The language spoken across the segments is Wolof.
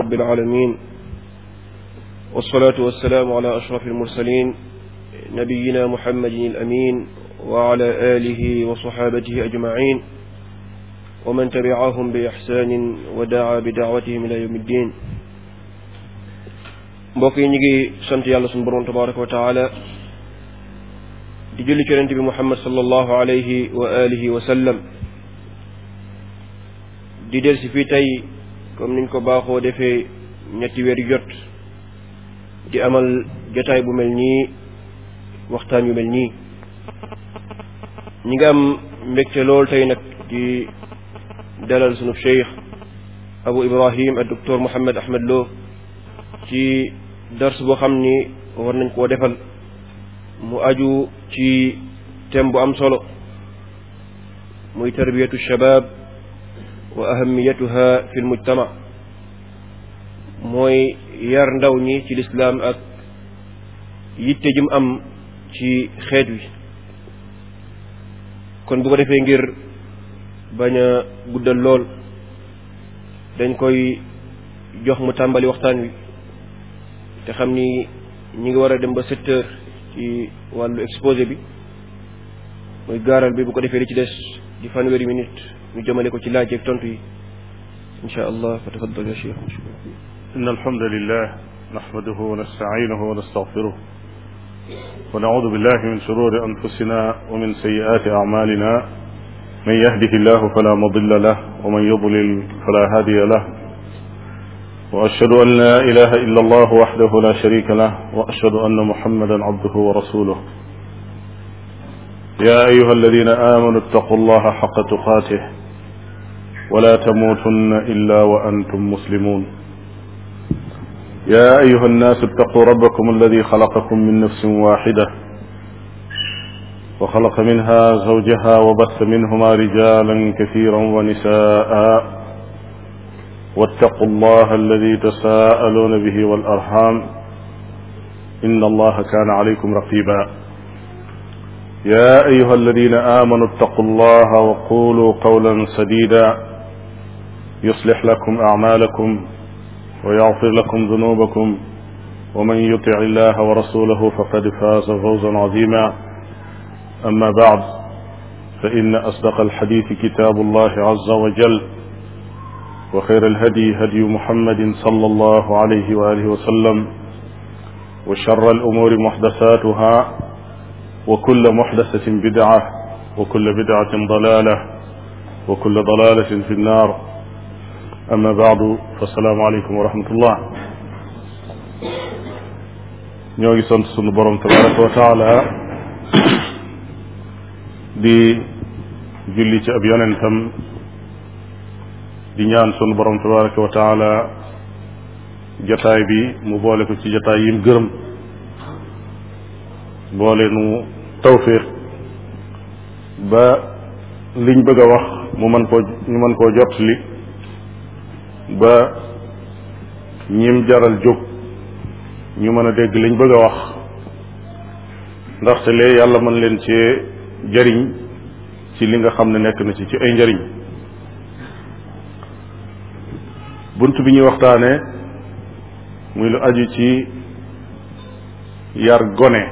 rabbil aalamiin wassalaatu wassalaamu ala ashrafil mursaliin nabiyyinaa muhammadin al amiin wa ala aalihi wa saxaabatihi ajmaciin wa man tabi'ahum bi ixsaanin wa da'aa bi da'watihim ilaa yawmi ddiin mbokk yi ñu ngi sant yàlla sunu boroom tabaaraka wa taala di julli ci yonent bi Muhammad sallallahu alayhi wa alihi wa sallam di del si fii tey comme niñ ko baaxoo defee ñetti weer jot di amal jotaay bu mel nii waxtaan yu mel nii ñi nga am mbégte lool tey nag di dalal sunu cheikh Abu Ibrahim ak docteur Mouhamed Ahmed Lo ci dars boo xam ni war nañ koo defal mu aju ci thème bu am solo muy tarbiyatu shabab wa ahamiyatuha fi lmujtama mooy yar ndaw ñi ci lislaam ak yitte jum am ci xeet wi kon bu ko defee ngir bañ a guddal lool dañ koy jox mu tàmbali waxtaan wi te xam ni ñu ngi war a dem ba secteur heures ci wàllu exposé bi muy gaaral bi bu ko defee li ci des di fanweeri minute ñu jëmale ko ci laaj ak tontu yi insha allah fa tafaddal ya cheikh mashkur إن الحمد لله نحمده ونستعينه ونستغفره ونعوذ بالله من شرور أنفسنا ومن سيئات أعمالنا من يهده الله فلا مضل له ومن يضلل فلا هادي له وأشهد أن لا إله إلا الله وحده لا شريك له وأشهد أن محمدا عبده ورسوله يا أيها الذين آمنوا اتقوا الله حق تقاته ولا تموتن إلا وأنتم مسلمون يا أيها الناس اتقوا ربكم الذي خلقكم من نفس واحدة وخلق منها زوجها وبث منهما رجالا كثيرا ونساء واتقوا الله الذي تساءلون به والأرحام إن الله كان عليكم رقيبا يا أيها الذين آمنوا اتقوا الله وقولوا قولا سديدا يصلح لكم أعمالكم ويغفر لكم ذنوبكم ومن يطع الله ورسوله فقد فاز فوزا عظيما أما بعد فإن أصدق الحديث كتاب الله عز وجل وخير الهدي هدي محمد صلى الله عليه وآله وسلم وشر الأمور محدثاتها وكل محدثة بدعة وكل بدعة ضلالة وكل ضلالة في النار amma baadu fa salaamu aleykum wa ñoo ngi sant sunu borom tabaraka wa taala di julli ci ab di ñaan sunu borom tabaraka wa jataay bi mu boole ko ci jataay yim gërëm boole nu tawfiq ba liñ bëgg a wax mu mën koo ñu jot li ba ñim jaral jóg ñu mën a dégg liñ bëgg a wax ndaxte lee yàlla mën leen cee jariñ ci li nga xam ne nekk na ci ci ay njariñ bunt bi ñuy waxtaanee muy lu aju ci yar gone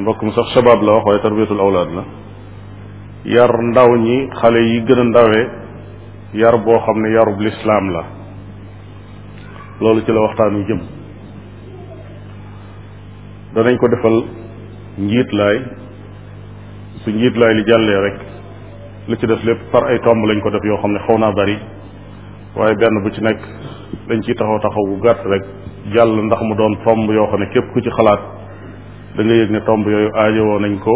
mbokkum sax shabaab la wax waaye tarbiyatul awlaad la yar ndaw ñi xale yi gën a ndawe yar boo xam ne yarub lislaam la loolu ci la waxtaan wi jëm danañ ko defal njiitlaay su njiitlaay li jàllee rek li ci def lépp par ay tomb lañ ko def yoo xam ne xaw naa bari waaye benn bu ci nekk dañ ciy taxaw taxaw bu gàtt rek jàll ndax mu doon tomb yoo xam ne képp ku ci xalaat da nga yëg ne tomb yooyu aajowoo nañ ko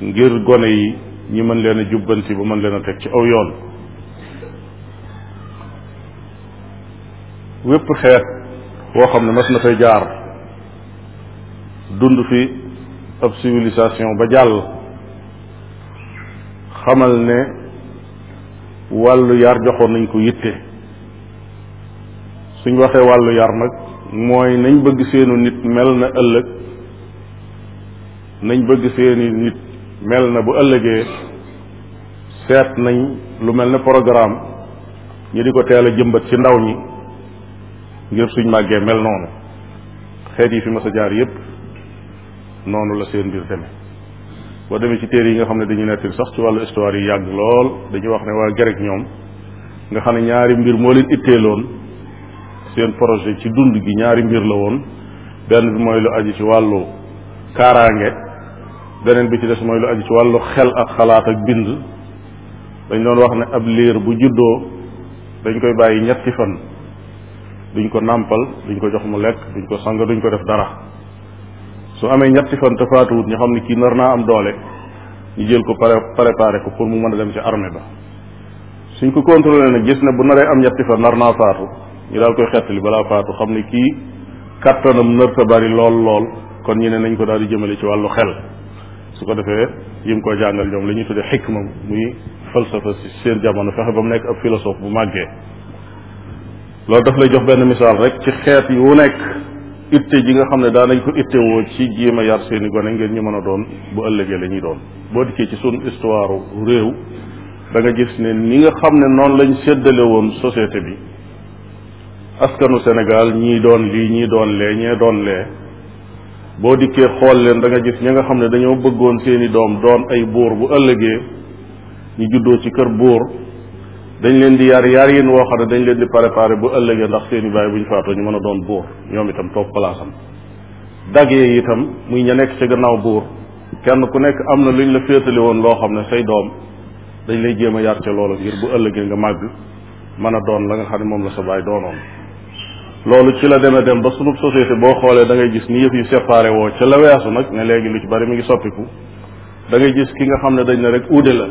ngir gone yi ñi mën leen a jubbanti ba mën leen a teg ci aw yoon wépp xeet woo xam ne mas na fay jaar dund fi ab civilisation ba jàll xamal ne wàllu yar joxoon nañ ko yitte suñ waxee wàllu yar nag mooy nañ bëgg seenu nit mel na ëllëg nañ bëgg seeni nit mel na bu ëllëgee seet nañ lu mel ne programme ñu di ko teel a jëmbat ci ndaw ñi ngir suñ màggee mel noonu xeet yi fi ma a jaar yépp noonu la seen mbir demee boo demee ci téere yi nga xam ne dañuy nettali sax ci wàllu histoire yi yàgg lool dañuy wax ne waa Grec ñoom nga xam ne ñaari mbir moo leen itteeloon seen projet ci dund gi ñaari mbir la woon benn bi mooy lu aju ci wàllu kaaraange beneen bi ci des mooy lu aju ci wàllu xel ak xalaat ak bind dañ doon wax ne ab liir bu juddoo dañ koy bàyyi ñetti fan duñ ko nàmpal duñ ko jox mu lekk duñ ko sang duñ ko def dara su amee ñetti fan te faatuwut ñu xam ne kii nar naa am doole ñu jël ko pare préparé ko pour mu mën a dem ci armée ba suñ ko contrôlé nag gis ne bu naree am ñetti fan nar naa faatu ñu daal koy xettali balaa faatu xam ne kii kattanam nar sa bari lool lool kon ñu ne nañ ko daal di jëmale ci wàllu xel su ko defee yim koo jàngal ñoom la ñuy tuddee xikma muy falsafa si seen jamono fexe ba mu nekk ab philosophe bu màggee loolu daf lay jox benn misaal rek ci xeet yi wu nekk itte ji nga xam ne daanañ ko ittewoo ci jéem a yar seeni gone ngir ñu mën a doon bu ëllëgee la ñuy doon boo dikkee ci sunu histoire réew danga nga gis ne ni nga xam ne noonu lañ séddale woon société bi askanu Sénégal ñii doon lii ñii doon lee ñee doon lee boo dikkee xool leen da nga gis ñi nga xam ne dañoo bëggoon seeni doom doon ay buur bu ëllëgee ñu juddoo ci kër buur dañ leen di yar yar yin woo xam ne dañ leen di préparé bu ëllëgee ndax seen i baay bu ñu faatoo ñu mën a doon buur ñoom itam toog place am daggee itam mu ña nekk ca gannaaw buur kenn ku nekk am na luñ la féetali woon loo xam ne say doom dañ lay jéem a yar ca loolu ngir bu ëllëgee nga màgg mën a doon la nga xam ne moom la sa baay doonoon loolu ci la demee dem ba sunu société boo xoolee da ngay gis ni yëf yi séparé woo ca la weesu nag nga léegi lu ci bari mi ngi soppiku dangay ngay gis ki nga xam ne dañ ne rek uude la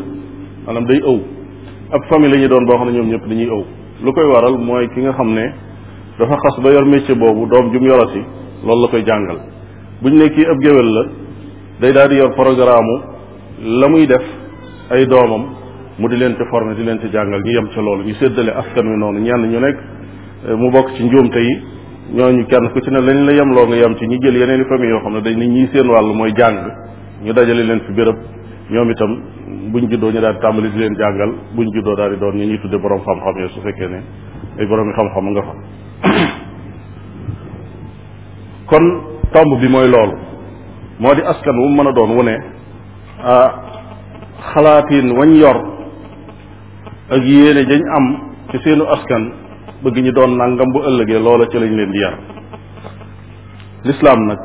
maanaam day ëw ab famille la ñu doon boo xam ne ñoom ñëpp dañuy ëw lu koy waral mooy ki nga xam ne dafa xas ba yor métier boobu doom jum yorati loolu la koy jàngal bu ñu ne ab géwél la day daal di yor programme la muy def ay doomam mu di leen ci former di leen ci jàngal ñu yem ca loolu ñu séddale askan wi noonu ñenn ñu nekk eh, mu bokk ci njuumte yi ñu kenn ku ci ne lañ la yemloo nga yem ci ñu jël yeneen i famille yoo xam ne dañ ne ñii seen wàll mooy jàng ñu dajale leen fi béréb ñoom itam bu buñ juddoo ñu daal tàmbali di leen jàngal buñ juddoo daal di doon ñu ñuy tudde borom xam-xam yi su fekkee ne ay borom xam-xam nga fa kon tomb bi mooy loolu moo di askan wu mën a doon wu ne xalaatiin wañ yor ak yéene jañ am ci seenu askan bëgg ñu doon nangam bu ëllëgee loola ci lañ leen di yar lislaam nag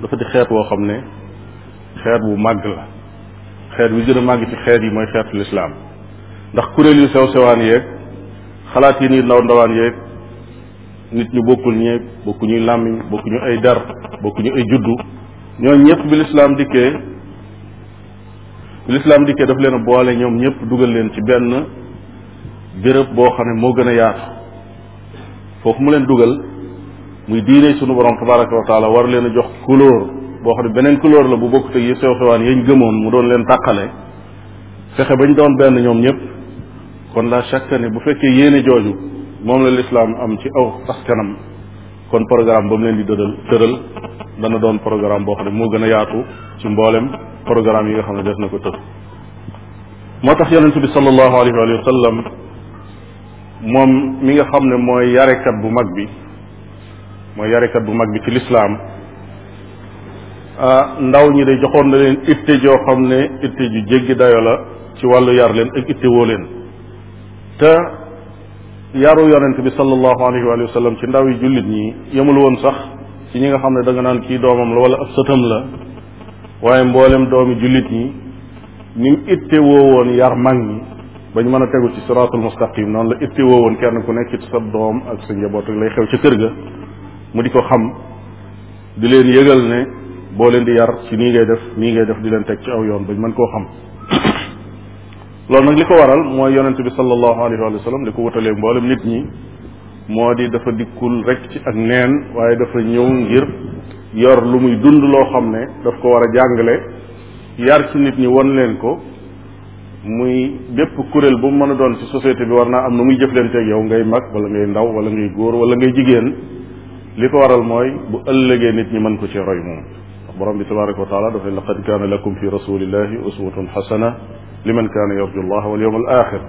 dafa di xeet woo xam ne xeet bu màgg la xeet wi gën a màgg ci xeet yi mooy xeetu lislaam ndax kuréel yu sew sewaan yeeg xalaat yi ni ndaw ndawaan yeeg nit ñu bokkul ñeeg bokkuñuy làmmiñ bokkuñu ay dar bokkuñu ay juddu ñooñu ñëpp bi lislaam dikkee bi lislaam dikkee daf leen a boole ñoom ñëpp dugal leen ci benn béréb boo xam ne moo gën a yaatu foofu mu leen dugal muy diine sunu borom tabaraka wa taala war leen a jox couleur boo xam ne beneen couleur la bu bokkut ak yi sew xewaan yañ gëmoon mu doon leen tàqale fexe bañ doon benn ñoom ñëpp kon la chaque année bu fekkee yéene jooju moom la lislaam am ci aw askanam kon programme ba mu leen di dëdal tëral dana doon programme boo xam ne moo gën a yaatu ci mbooleem programme yi nga xam ne def na ko tëdd moo tax yonent bi sallallahu alayhi wa sallam moom mi nga xam ne mooy yarekat bu mag bi mooy yarekat bu mag bi ci lislaam Ah, ndaw ñi de joxoon na leen itte joo xam ne itte ju jéggi dayo la ci wàllu yar leen ak itte woo leen te yaru yonent bi sallallahu alayhi wa sallam ci ndaw yi jullit ñi yemul woon sax ci ñi nga xam ne da naan kii doomam la wala ab sëtam la waaye mboolem doomi jullit ñi ni mu itte woo woon yar mag ñi ba ñu mën a tegu ci siraatul mustaqim noonu la itte woo woon kenn ku nekk ci sa doom ak sa njaboot lay xew ca kër ga mu di ko xam di leen yëgal ne boo leen di yar ci nii ngay def nii ngay def di leen teg ci aw yoon bañ mën koo xam loolu nag li ko waral mooy yonente bi sallallahu alayhi wa sallam li ko wutalee mboolem nit ñi moo di dafa dikkul rek ci ak neen waaye dafa ñëw ngir yor lu muy dund loo xam ne daf ko war a jàngale yar ci nit ñi won leen ko muy bépp kuréel bu mën a doon ci société bi war naa am nu muy jëflanteeg yow ngay mag wala ngay ndaw wala ngay góor wala ngay jigéen li ko waral mooy bu ëllëgee nit ñi mën ko ci roy moom borom bi tabaraka wa taala dafay laqad kaana lakum fi rasulillahi uswatun xasana liman kaana yarju allah wal yawmal axir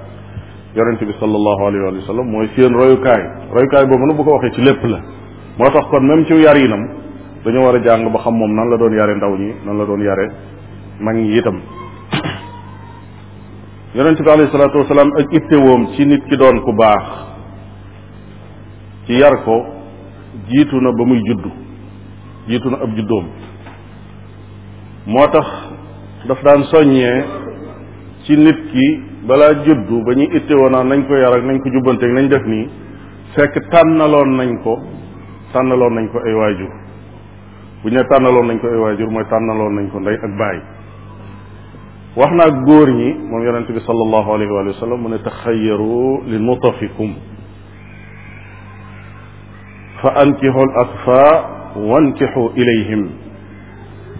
yonente bi sallallahu alayhi wa sallam mooy seen royukaay royukaay boobu nag bu ko waxee ci lépp la moo tax kon même ci yarinam dañoo war a jàng ba xam moom nan la doon yare ndaw ñi nan la doon yare mag ñi itam yonente bi alayhi salaatu wasalaam ak ittewoom ci nit ki doon ku baax ci yar ko jiitu na ba muy juddu jiitu na ab juddoom moo tax daf daan soññee ci nit ki balaa juddu ba ñuy ittewoo naan nañ ko yar ak nañ ko jubbanteeg nañ def nii fekk tànnaloon nañ ko tànnaloon nañ ko ay waajur bu ñu tànnaloon nañ ko ay waajur mooy tànnaloon nañ ko ndey ak baay wax na góor ñi moom yonente bi sallallahu alayhi wa sallam mu ne taxayaru li nutafikum fa ankixu al atfa wankixu ilayhim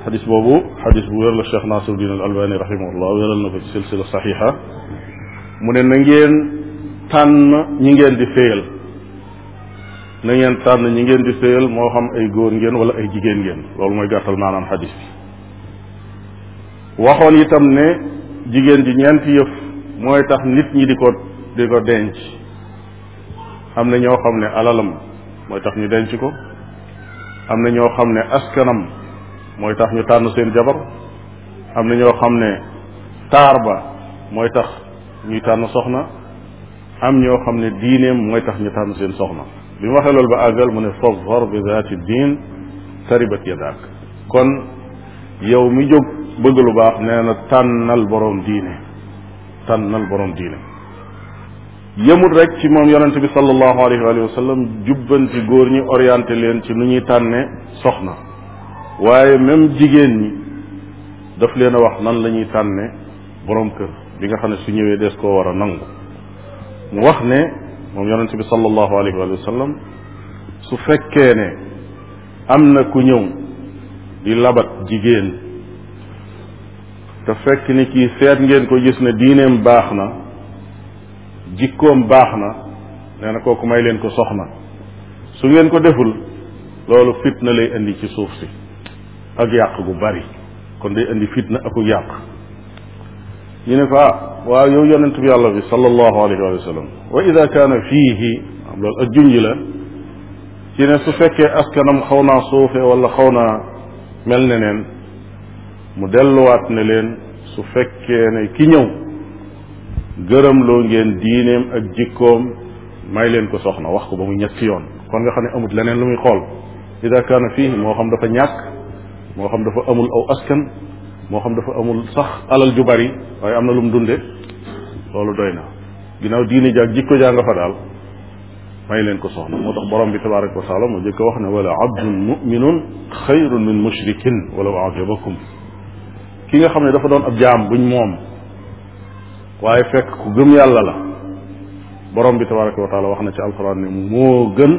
xadis boobu xadis bu wér la Cheikh Nasiruddin al Albani rahimahullah wéral na ko ci silsila saxiixa mu ne na ngeen tànn ñi ngeen di féyal na ngeen tànn ñi ngeen di féyal moo xam ay góor ngeen wala ay jigéen ngeen loolu mooy gàttal maanaam xadis bi waxoon itam ne jigéen ji ñeenti yëf mooy tax nit ñi di ko di ko denc am na ñoo xam ne alalam mooy tax ñu denc ko am na ñoo xam ne askanam mooy tax ñu tànn seen jabar am na ñoo xam ne taar ba mooy tax ñuy tànn soxna am ñoo xam ne diineem mooy tax ñu tànn seen soxna bi mu waxee loolu ba àggal mu ne fadfar bi zaati diin taribat yadaak kon yow mi jóg bëgg lu baax nee na tànnal boroom diine tànnal boroom diine yëmut rek ci moom yonente bi sallallahu alayhi wa sallam jubbanti góor ñi orienté leen ci nu ñuy tànne soxna waaye même jigéen ñi daf leen a wax nan la ñuy tànne borom kër bi nga xam ne su ñëwee des koo war a nangu mu wax ne moom yonente bi sallallahu alayhi wa sallam su fekkee ne am na ku ñëw di labat jigéen te fekk ni kii seet ngeen ko gis ne diineem baax na jikkoom baax na nee na kooku may leen ko soxna su ngeen ko deful loolu fit na lay indi ci suuf si ak yàq gu bari kon day indi fitna ak yàq ñu ne fa waaw yow yonent bi yàlla bi sallallahu alayhi wa sallam wa ida kaana fiihi am loolu ak junj la ci ne su fekkee askanam xaw naa suufe wala xaw naa mel ne neen mu delluwaat ne leen su fekkee ne ki ñëw gërëm loo ngeen diineem ak jikkoom may leen ko soxna wax ko ba mu ñetti yoon kon nga xam ne amut leneen lu muy xool ida kaana fiihi moo xam dafa ñàkk moo xam dafa amul aw askan moo xam dafa amul sax alal ju bari waaye am na lu mu dunde loolu doy na ginnaaw diine jaag jikko jaa nga fa daal may leen ko soxna moo tax borom bi tabaraka wa taala moo jëkk wax ne wala abdun muminun xayrun min mushrikin walaw ajabakum ki nga xam ne dafa doon ab jaam buñ moom waaye fekk ku gëm yàlla la borom bi tabaraka wa wax na ci alquran ne moo gën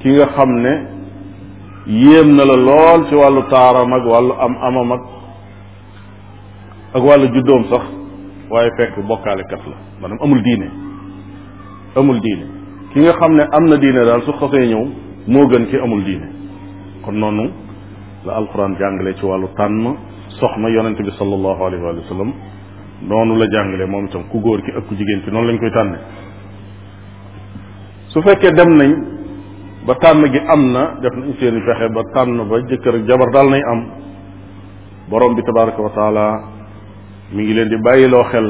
ki nga xam ne yéem na la lool ci wàllu taaram ak wàllu am amam ak ak wàllu juddoom sax waaye fekk bokkaalekat la maanaam amul diine amul diine ki nga xam ne am na diine daal su xasee ñëw moo gën ki amul diine kon noonu la alquran jàngale ci wàllu tànn soxna yonent bi sallallahu alayhi wa sallam noonu la jàngale moom itam ku góor ki ak ku jigéen ci noonu lañ koy tànne su fekkee dem nañ ba tànn gi am na def nañ seen i fexe ba tànn ba jëkkër ak jabar daal nay am borom bi tabaraka wa taala mi ngi leen di bàyyiloo xel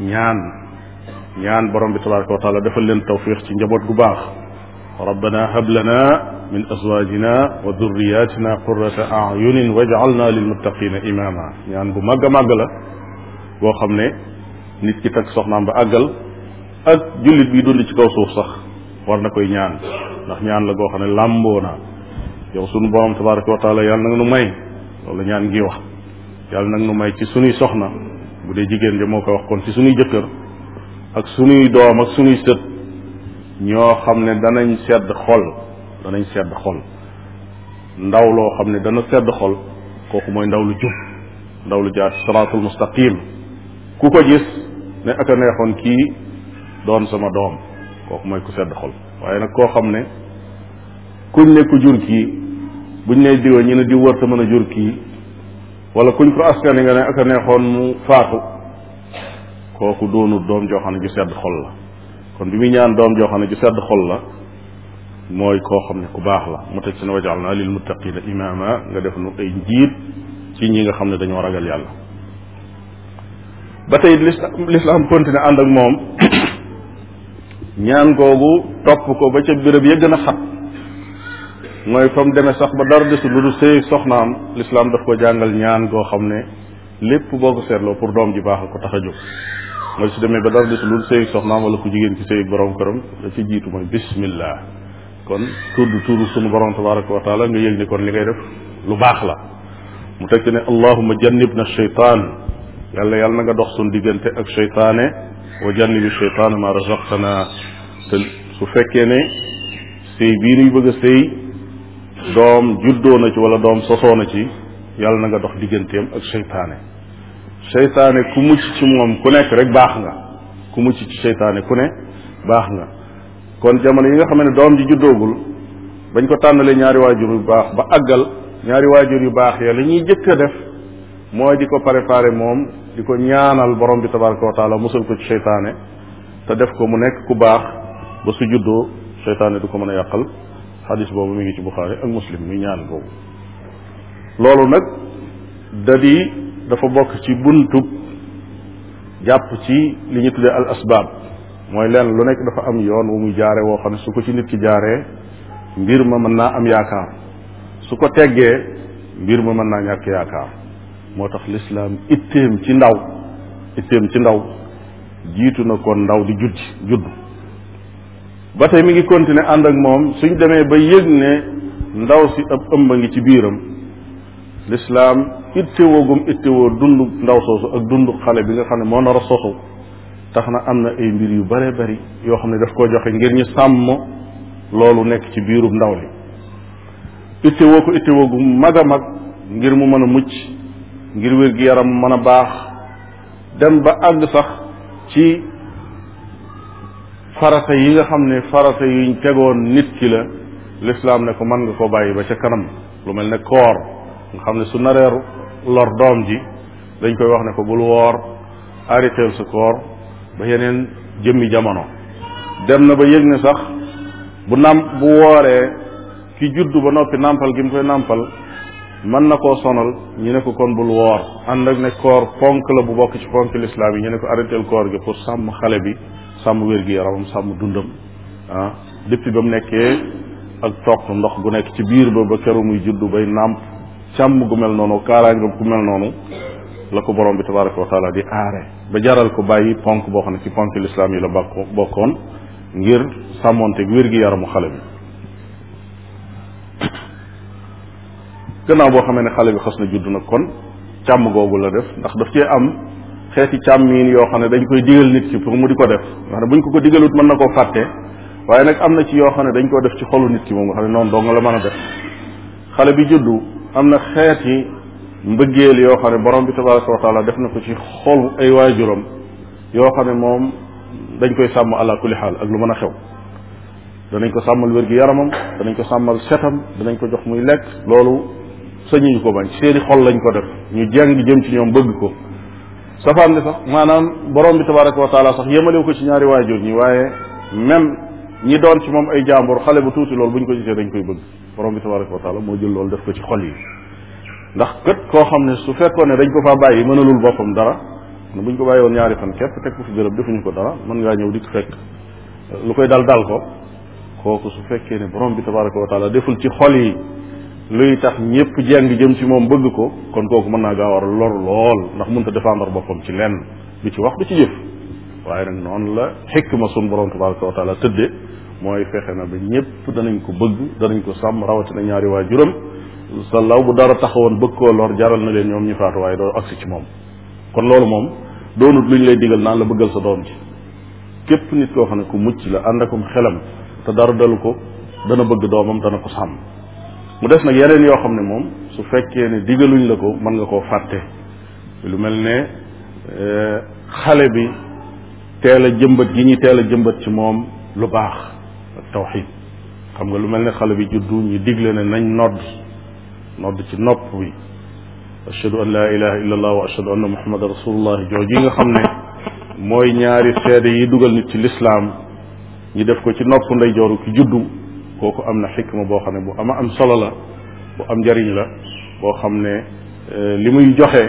ñaan ñaan borom bi tabaraka wa taala defal leen tawfiq ci njaboot gu baax rabbana hab lana min azwajina wa durriyatina qurrata ayunin waj'alna lilmuttaqina imama ñaan bu màgg a màgg la boo xam ne nit ki takk soxnaam ba àggal ak jullit bi dund ci kaw suuf sax war na koy ñaan ndax ñaan la goo xam ne làmboo naa yow sunu borom tabaraka wa taala yàlla nag nu may loolu ñaan ngi wax yàlla nag nu may ci suñuy soxna bu dee jigéen de moo koy wax kon ci sunuy jëkkër ak suñuy doom ak suñuy sët ñoo xam ne danañ sedd xol danañ sedd xol ndaw loo xam ne dana sedd xol kooku mooy ndaw lu jub ndaw lu jaar siraatul mustaqim ku ko gis ne ak a neexoon kii doon sama doom kooku mooy ku sedd xol waaye nag koo xam ne ku ne ku jur kii buñ ne diwa ñu ne diw war ta mën a jur kii wala kuñ ko askan nga ne ak a neexoon mu faatu kooku doonul doom joo xam ne ju sedd xol la kon bi muy ñaan doom joo xam ne ju sedd xol la mooy koo xam ne ku baax la mu teg ci ne wajal naa lil muttaqina imaama nga def nu ay njiit ci ñi nga xam ne dañoo ragal yàlla ba tey lislaam continué ànd ak moom ñaan googu topp ko ba ca bërëb ya gën a xat mooy fa mu demee sax ba dara desul lu dul sëy soxnaam lislaam daf ko jàngal ñaan goo xam ne lépp boo ko seetloo pour doom ji baax ko tax a jóg mooy su demee ba dara desul lu dul sëy soxnaam wala ku jigéen ci sëy borom këram la ci jiitu mooy bismillah kon tudd tudd sunu borom tabaraka wa taala nga yëg ni kon li ngay def lu baax la mu teg ci ne allahuma jannib na cheytaan yàlla yàlla na nga dox sunu diggante ak cheytaane wa jannibi shaytaana ma razaqtana te su fekkee ne sëy bii nuy bëgg a sëy doom juddoo na ci wala doom sosoo na ci yàlla na nga dox digganteem ak seytaane seytaane ku mucc ci moom ku nekk rek baax nga ku mucc ci seytaane ku ne baax nga kon jamono yi nga xam ne doom ji juddoogul bañ ko tànnalee ñaari waajur yu baax ba àggal ñaari waajur yu baax ya lañuy jëkk a def mooy di ko préparé moom di ko ñaanal borom bi tabaraka wa taala musal ko ci seytaane te def ko mu nekk ku baax ba su juddoo seytaane du ko mën a yàqal xadis boobu mi ngi ci buxaari ak muslim muy ñaan boobu loolu nag da dafa bokk ci buntub jàpp ci li ñu tuddee al asbaab mooy leen lu nekk dafa am yoon wu muy jaare woo xam ne su ko ci nit ki jaaree mbir ma mën naa am yaakaar su ko teggee mbir ma mën naa ñàkk yaakaar moo tax lislaam itteem ci ndaw itteem ci ndaw jiitu na kon ndaw di judd judd ba tey mi ngi continuer ànd ak moom suñ demee ba yëg ne ndaw si ab ëmb ngi ci biiram lislaam ittewoo gum ittewoo dund ndaw soosu ak dund xale bi nga xam ne moo nar a tax na am na ay mbir yu bare bari yoo xam ne daf koo joxe ngir ñu sàmm loolu nekk ci biirum ndaw li ittewoo ko ittewoo gum mag a mag ngir mu mën a mucc ngir wér gi yaram mën a baax dem ba àgg sax ci farata yi nga xam ne farata yuñ tegoon nit ki la lislaam ne ko man nga ko bàyyi ba ca kanam lu mel ne koor nga xam ne su nareeru lor doom ji dañ koy wax ne ko bul woor arrêteel sa koor ba yeneen jëmmi jamono dem na ba yëg ne sax bu nam bu wooree ki juddu ba noppi nàmpal gi mu koy nàmpal mën na koo sonal ñu ne ko kon bul woor ànd ak ne koor ponk la bu bokk ci ponk lislaam yi ñu ne ko arrêtel koor gi pour sàmm xale bi sàmm wér-gi-yaramam sàmm dundam ah ba mu nekkee ak toq ndox gu nekk ci biir ba ba keru muy juddu bay nàmp càmm gu mel noonu kaaraange gu mel noonu la ko borom bi tabaraka wa taala di aare ba jaral ko bàyyi ponk boo xam ne ci ponk lislaam yi la bokk bokkoon ngir sàmmonteeg wér-gi-yaramu xale bi gannaaw boo xamee ne xale bi xas na judd nag kon càmm googu la def ndax daf cee am xeeti càmmiin yoo xam ne dañ koy digal nit ki pour mu di ko def nga xam ne buñ ko ko digalut mën na koo fàtte waaye nag am na ci yoo xam ne dañ koo def ci xolu nit ki moom nga xam ne noonu dong la mën a def xale bi juddu am na xeeti mbëggeel yoo xam ne borom bi tabaraka wa taala def na ko ci xolu ay waajuram yoo xam ne moom dañ koy sàmm ala kulli ak lu mën a xew danañ ko sàmmal wér-gi-yaramam danañ ko sàmmal setam danañ ko jox muy lekk loolu sañuñu ko bañ seeni xol lañ ko def ñu jeng jëm ci ñoom bëgg ko safaan bi sax maanaam borom bi tabaraka wa taala sax yemalew ko ci ñaari waajur ñi waaye même ñi doon ci moom ay jàmbur xale bu tuuti lool bu ñu ko gisee dañ koy bëgg borom bi tabaraka wa taala moo jël loolu def ko ci xol yi ndax kët koo xam ne su fekkoon ne dañ ko faa bàyyi mënalul boppam dara bu ñu ko bàyyi woon ñaari fan képp teg ko fi béréb defuñu ko dara mën ngaa ñëw di ko fekk lu koy dal dal ko kooku su fekkee ne borom bi tabaraka wa taala deful ci xol yi luy tax ñëpp jàng jëm ci moom bëgg ko kon kooku mën naa gaaw a lor lool ndax mënta défendre boppam ci lenn du ci wax du ci jëf waaye nag noonu la ma sun borom tabaraka wa taala tëdde mooy fexe na ba ñëpp danañ ko bëgg danañ ko sàmm rawatina ñaari waa juram sa law bu dara taxawoon bëgg koo lor jaral na leen ñoom ñu faatu waaye doo agsi ci moom kon loolu moom doonut luñ lay digal naan la bëggal sa doom ci képp nit koo xam ne ku mucc la ànd akum xelam te dara dalu ko dana bëgg doomam dana ko sàmm mu des nag yeneen yoo xam ne moom su fekkee ne digaluñ la ko mën nga koo fàtte lu mel ne eh, xale bi teel a jëmbat gi ñuy teel a jëmbat ci moom lu baax ak tawxid xam nga lu mel ne xale bi juddu ñu digle ne nañ nodd nodd ci nopp bi ashhadu an laa ilaha illa allah wa ashhadu anna muhammadan rasulullah jooju nga xam ne mooy ñaari seede yi dugal nit ci lislaam ñu def ko ci nopp ndeyjooru ki juddu kooku am na xikma boo xam ne bu ama am solo la bu am njariñ la boo xam ne eh, li muy joxe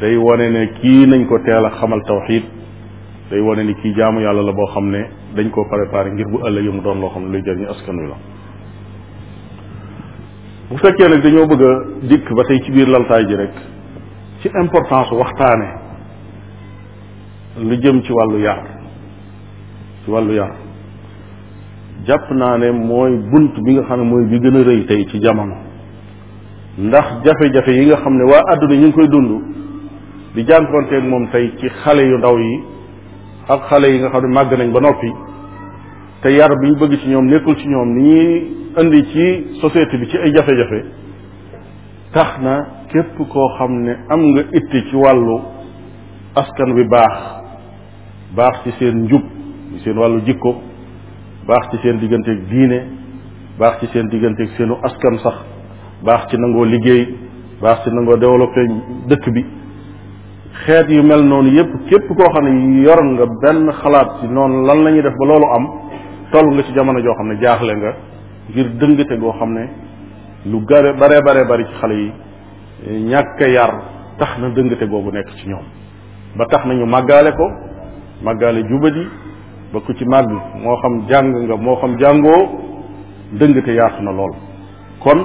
day wane ne kii nañ ko teel a xamal tawxiit day wone ni kii jaamu yàlla la boo xam ne dañ koo préparé ngir bu ëllëgee mu doon loo xam ne luy jariñu askan wi la bu fekkee nag dañoo bëgg a dikk ba tey ci biir laltaay ji rek ci importance waxtaane lu jëm ci wàllu yar ci wàllu yar jàpp naa ne mooy bunt bi nga xam ne mooy bi gën a rëy tey ci jamono ndax jafe-jafe yi nga xam ne waa àdduna ñu ngi koy dund di jànkonteeg moom tey ci xale yu ndaw yi ak xale yi nga xam ne màgg nañ ba noppi te yar bi ñu bëgg ci ñoom nekkul ci ñoom ni ñuy indi ci société bi ci ay jafe-jafe tax na képp koo xam ne am nga it ci wàllu askan wi baax baax ci seen njub ci seen wàllu jikko baax ci seen digganteeg diine baax ci seen digganteeg seenu askan sax baax ci nangoo liggéey baax ci nangoo développé dëkk bi xeet yu mel noonu yépp képp koo xam ne yor nga benn xalaat ci noonu lan la ñuy def ba loolu am toll nga ci jamono joo xam ne jaaxle nga ngir dëngate goo xam ne lu gare bare bare bari ci xale yi ñàkk yar tax na dëngate googu nekk ci ñoom ba tax na ñu ko màggaale jubadi ba ku ci bi moo xam jàng nga moo xam jàngoo dëng te yaatu na lool kon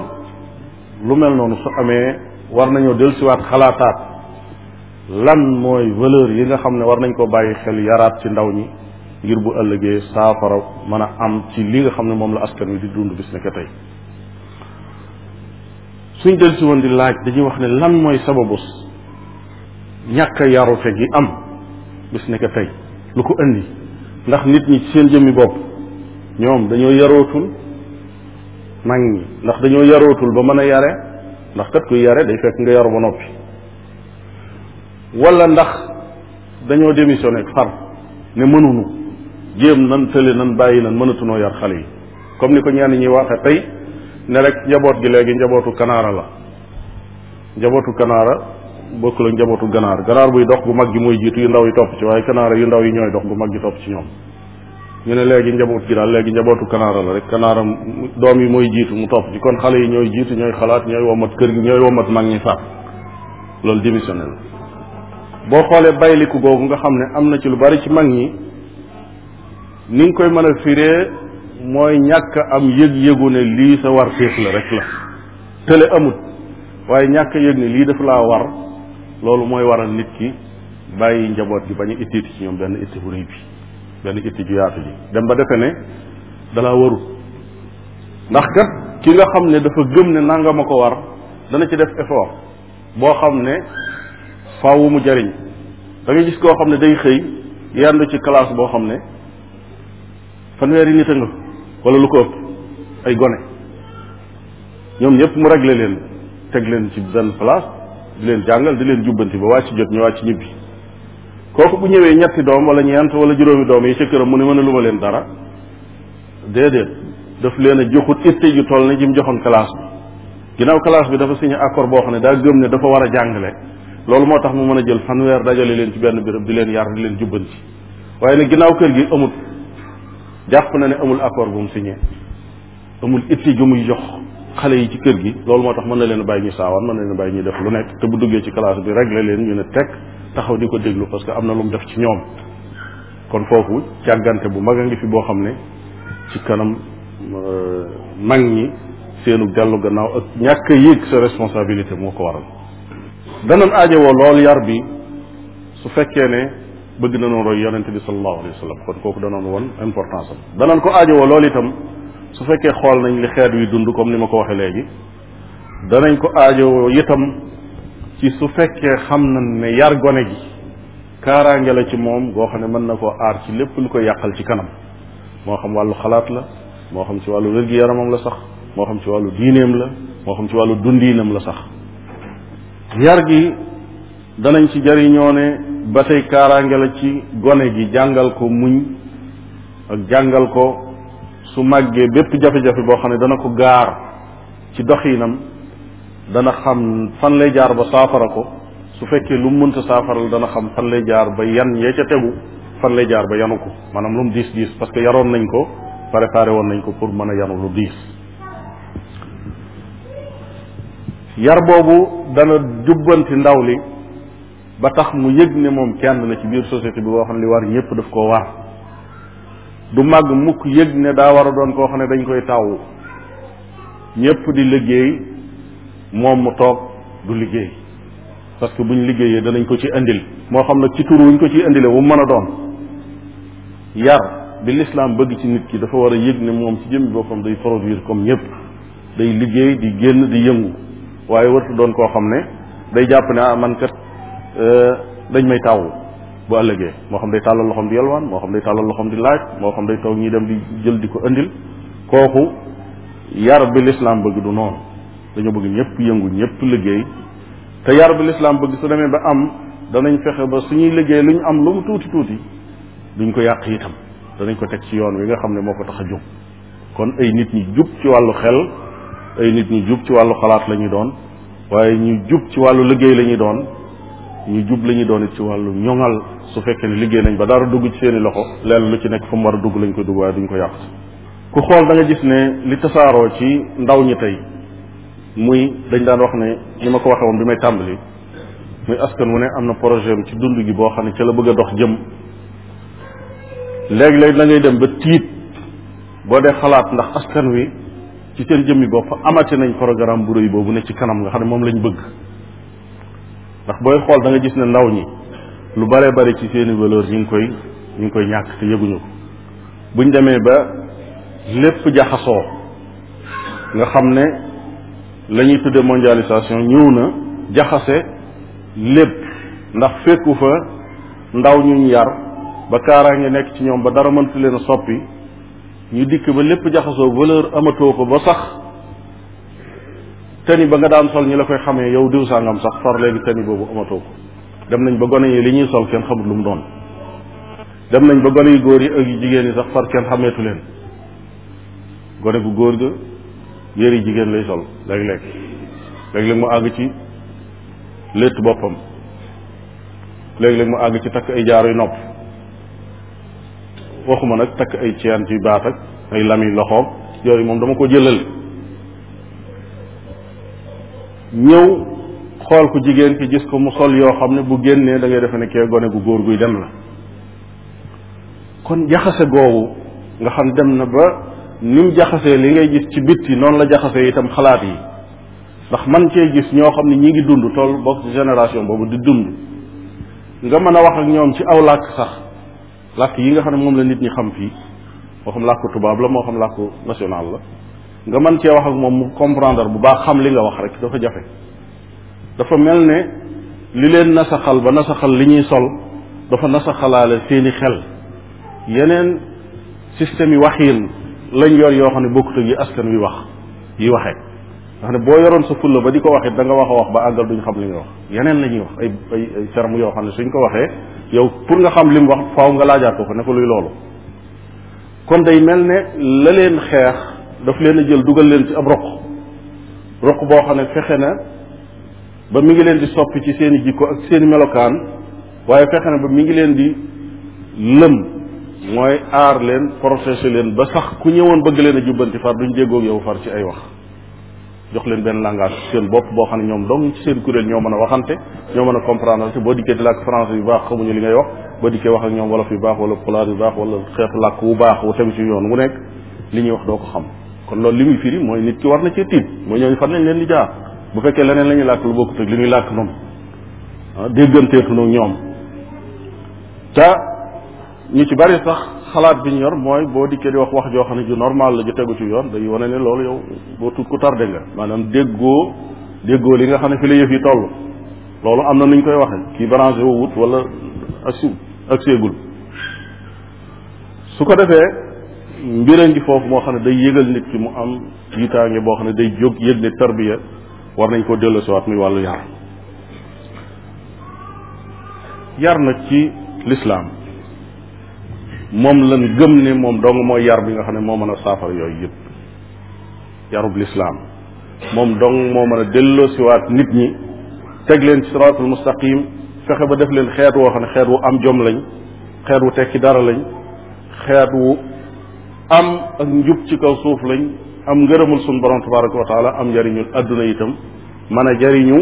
lu mel noonu su amee war nañoo dellusiwaat xalaataat lan mooy valeur yi nga xam ne war nañ ko bàyyi xel yaraat ci ndaw ñi ngir bu ëllëgee saafara mën a am ci li nga xam ne moom la askan wi di dund bis nekk tey suñ del si di laaj dañuy wax ne lan mooy sababus ñàkk yarute gi am bis nekk tey lu ko indi ndax nit ñi ci seen jëmmi bopp ñoom dañoo yarootul mag ñi ndax dañoo yarootul ba mën a yare ndax kat kuy yare day fekk nga yaru ba noppi walla ndax dañoo démissionné far ne mënunu jéem nan tële nan bàyyi nan mënatunoo yar xale yi comme ni ko ñenn ñi waxe tey ne rek njaboot gi léegi njabootu kanaara la njabootu kanaara bokkul ak njabootu ganaar ganaar buy dox bu mag gi mooy jiitu yu ndaw yi topp ci waaye kanaara yu ndaw yi ñooy dox gu mag gi topp ci ñoom ñu ne léegi njaboot gi daal léegi njabootu kanaara la rek kanaara doom yi mooy jiitu mu topp ci kon xale yi ñooy jiitu ñooy xalaat ñooy womat kër gi ñooy womat mag ñi sax loolu démissionné la boo xoolee bayliku googu nga xam ne am na ci lu bari ci mag ñi ni nga koy mën a firee mooy ñàkk am yëg-yëgu ne lii sa war féef la rek la tële amut waaye ñàkk yëg lii dafa laa war loolu mooy waral nit ki bàyyi njaboot gi bañ iti ittiiti ñoom benn itti bu rëy bi benn itti ju yaatu dem ba defe ne dalaa waru ndax kat ki nga xam ne dafa gëm ne nanga ma ko war dana ci def effort boo xam ne faawu mu jariñ da nga gis koo xam ne day xëy yendu ci classe boo xam ne fanweeri nit a nga wala lu ko ëpp ay gone ñoom ñëpp mu réglé leen teg leen ci benn place di leen jàngal di leen jubbanti ba wàcc jot ñu wàcc ñibbi kooku bu ñëwee ñetti doom wala ñeent wala juróomi doom yi ca këram mu ne mën a lu ma leen dara déedéet daf leen a joxut itte ju toll ne jim joxoon classe bi ginnaaw bi dafa signé accord boo xam ne daa gëm ne dafa war a jàngale loolu moo tax mu mën a jël fanweer dajale leen ci benn béréb di leen yar di leen jubbanti waaye nag ginnaaw kër gi amul jàpp na ne amul accord bu mu signé amul itte ju muy jo xale yi ci kër gi loolu moo tax mën na leen bàyyi ñu saawaan mën na leen bàyyi ñu def lu nekk te bu duggee ci classe bi réglé leen ñu ne teg taxaw di ko déglu parce que am na lu mu def ci ñoom kon foofu càggante bu mag a ngi fi boo xam ne ci kanam euh, mag ñi seenu dellu gannaaw ak ñàkk a yéeg sa responsabilité moo ko waral danañ aajowoo lool yar bi su fekkee ne bëgg nañoo roy yonente bi sallallahu alayhi wa kon kooku danoon woon importance am danañ su fekkee xool nañ li xeet wi dund comme ni ma ko waxee léegi danañ ko aajowoo itam ci su fekkee xam nañ ne yar gone gi kaaraange la ci moom goo xam ne mën na koo aar ci lépp lu koy yàqal ci kanam moo xam wàllu xalaat la moo xam ci wàllu wér-gi-yaramam la sax moo xam ci wàllu diineem la moo xam ci wàllu dundiinam la sax yar gi danañ ci jariñoo ne ba tey kaaraange la ci gone gi jàngal ko muñ ak jàngal ko su màggee bépp jafe-jafe boo xam ne dana ko gaar ci doxiinam dana xam fan lay jaar ba saafara ko su fekkee lu mu mënta saafaral dana xam fan lay jaar ba yan yee ca tegu fan lay jaar ba yanu ko maanaam lu mu diis diis parce que yaroon nañ ko préparé woon nañ ko pour mën a yanu lu diis yar boobu dana jubbanti ndaw li ba tax mu yëg ne moom kenn la ci biir société bi boo xam ne li war ñëpp daf ko war du màgg mukk yëg ne daa war a doon koo xam ne dañ koy taw ñépp di liggéey moom mu toog du liggéey parce que buñ liggéeyee danañ ko ci indil moo xam nag ci tur wuñ ko ci indile wu mën a doon yar bi lislaam bëgg ci nit ki dafa war a yëg ne moom ci jëmmi boppam day produire comme ñépp day liggéey di génn di yëngu waaye wartu doon koo xam ne day jàpp ne ah man euh, dañ may tawwu bu ëllëgee moo xam day tàllal loxoom di yalwaan moo xam day tàllal loxoom di laaj moo xam day toog ñi dem di jël di ko indil kooku yar lislaam bëgg du noonu dañoo bëgg ñëpp yëngu ñëpp liggéey te yar bi lislaam bëgg su demee ba am danañ fexe ba su ñuy liggéey lu ñu am lu mu tuuti tuuti duñ ko yàq itam danañ ko teg ci yoon wi nga xam ne moo ko tax a jóg kon ay nit ñi jub ci wàllu xel ay nit ñi jub ci wàllu xalaat la ñuy doon waaye ñu jub ci wàllu liggéey la ñuy doon ñu jub lañuy doon it ci wàllu ñoŋal su fekkee ne liggéey nañ ba dara dugg ci seen i loxo leen lu ci nekk fu mu war a dugg lañ koy dugg waaye duñ ko yàq ku xool da gis ne li tasaaroo ci ndaw ñi tey muy dañ daan wax ne ni ma ko waxee woon bi may tàmbali muy askan wu ne am na projet ci dund gi boo xam ne ca la bëgg a dox jëm léegi-léegi da ngay dem ba tiit boo dee xalaat ndax askan wi ci seen jëmmi bopp amati nañ programme bu rëy boobu ne ci kanam nga xam ne moom lañ bëgg ndax booy xool da nga gis ne ndaw ñi lu bare bari ci seeni valeur ñu ngi koy ñu ngi koy ñàkk te yëguñu ko buñ demee ba lépp jaxasoo nga xam ne lañuy ñuy tudde mondialisation ñëw na jaxase lépp ndax fekku fa ndaw ñuñ yar ba ngi nekk ci ñoom ba dara mënta leen a soppi ñu dikk ba lépp jaxasoo valeur amatoo ko ba sax tëni ba nga daan sol ñi la koy xamee yow diw sangam sax far léegi tëni boobu amatoo ko dem nañ ba gone yi li ñuy sol kenn xamut lu mu doon dem nañ ba gone yu góor yi ak yu jigéen yi sax far kenn xameetu leen gone bu góor ga yi jigéen lay sol léeg-léeg léeg-léeg mu àgg ci létt boppam léegi léeg mu àgg ci takk ay jaaruy nopp waxuma nag takk ay ceen ci baat ak ay lami loxoom yooyu moom dama ko jëlal ñëw xool ku jigéen ki gis ko mu sol yoo xam ne bu génnee dangay ngay defe ne kee gone gu góor guy dem la kon jaxase googu nga xam dem na ba ni mu jaxasee li ngay gis ci yi noonu la jaxasee itam xalaat yi ndax man cee gis ñoo xam ne ñi ngi dund tool bokk ci génération boobu di dund nga mën a wax ak ñoom ci aw làkk sax làkk yi nga xam ne moom la nit ñi xam fii moo xam làkku tubaab la moo xam làkku national la nga man cee wax ak moom mu comprendre bu baax xam li nga wax rek dafa jafe dafa mel ne li leen nasaxal ba nasaxal li ñuy sol dafa nasaxalaale seeni xel yeneen système yi waxin lañu yor yoo xam ne bokkut ak yi askan wi wax yi waxee ndax ne boo yoroon sa fulla ba di ko waxit da nga wax a wax ba àggal duñ xam li nga wax yeneen la ñuy wax ay ay ay terme yoo xam ne suñ ko waxee yow pour nga xam li mu wax faaw nga laajaat ko ko ne ko luy loolu kon day mel ne la leen xeex daf leen a jël dugal leen ci ab roq roq boo xam ne fexe na ba mu ngi leen di soppi ci seen i jikko ak seen melokaan waaye fexe na ba mi ngi leen di lëm mooy aar leen protéger leen ba sax ku ñëwoon bëgg leen a jubbanti far duñ jéggoog yow far ci ay wax jox leen benn langage seen bopp boo xam ne ñoom dong ci seen kuréel ñoo mën a waxante ñoo mën a comprendre te boo dikkee di làkk français yu baax xamuñu li ngay wax boo dikkee wax ak ñoom wolof yu baax wala pulaar yu baax xeetu làkk wu baax wu tegu ci yoon wu nekk li ñuy wax doo ko xam kon loolu li muy firi mooy nit ki war na cee tiit mooy ñooñu fan lañ leen di jaar bu fekkee leneen la ñuy làkk lu bokkut ak li ñuy làkk noonu ah dégganteetu nag ñoom te ñu ci bari sax xalaat bi ñu yor mooy boo dikkee di wax wax joo xam ne ju normal la ju tegu ci yoon day wane ne loolu yow boo tuut ku tardé nga maanaam déggoo déggoo li nga xam ne fi la yëf yi toll loolu am na nu ñu koy waxee kii branché wu wut walla ak si ak seegul su ko defee mbira ngi foofu moo xam ne day yëgal nit ki mu am yittaange boo xam ne day jóg yëg ne tarbiya war nañ koo delloosiwaat muy wàllu yar yar nag ci lislaam moom lan gëm ne moom dong mooy yar bi nga xam ne moo mën a saafara yooyu yëpp yarub lislaam moom dong moo mën a delloosiwaat nit ñi teg leen ci siraatul mustaqim fexe ba def leen xeet woo xam ne xeet wu am jom lañ xeet wu tekki dara lañ xeet wu am ak njub ci kaw suuf lañ am ngërëmul suñ borom tabaraka wa taala am njariñu adduna itam mën a jariñu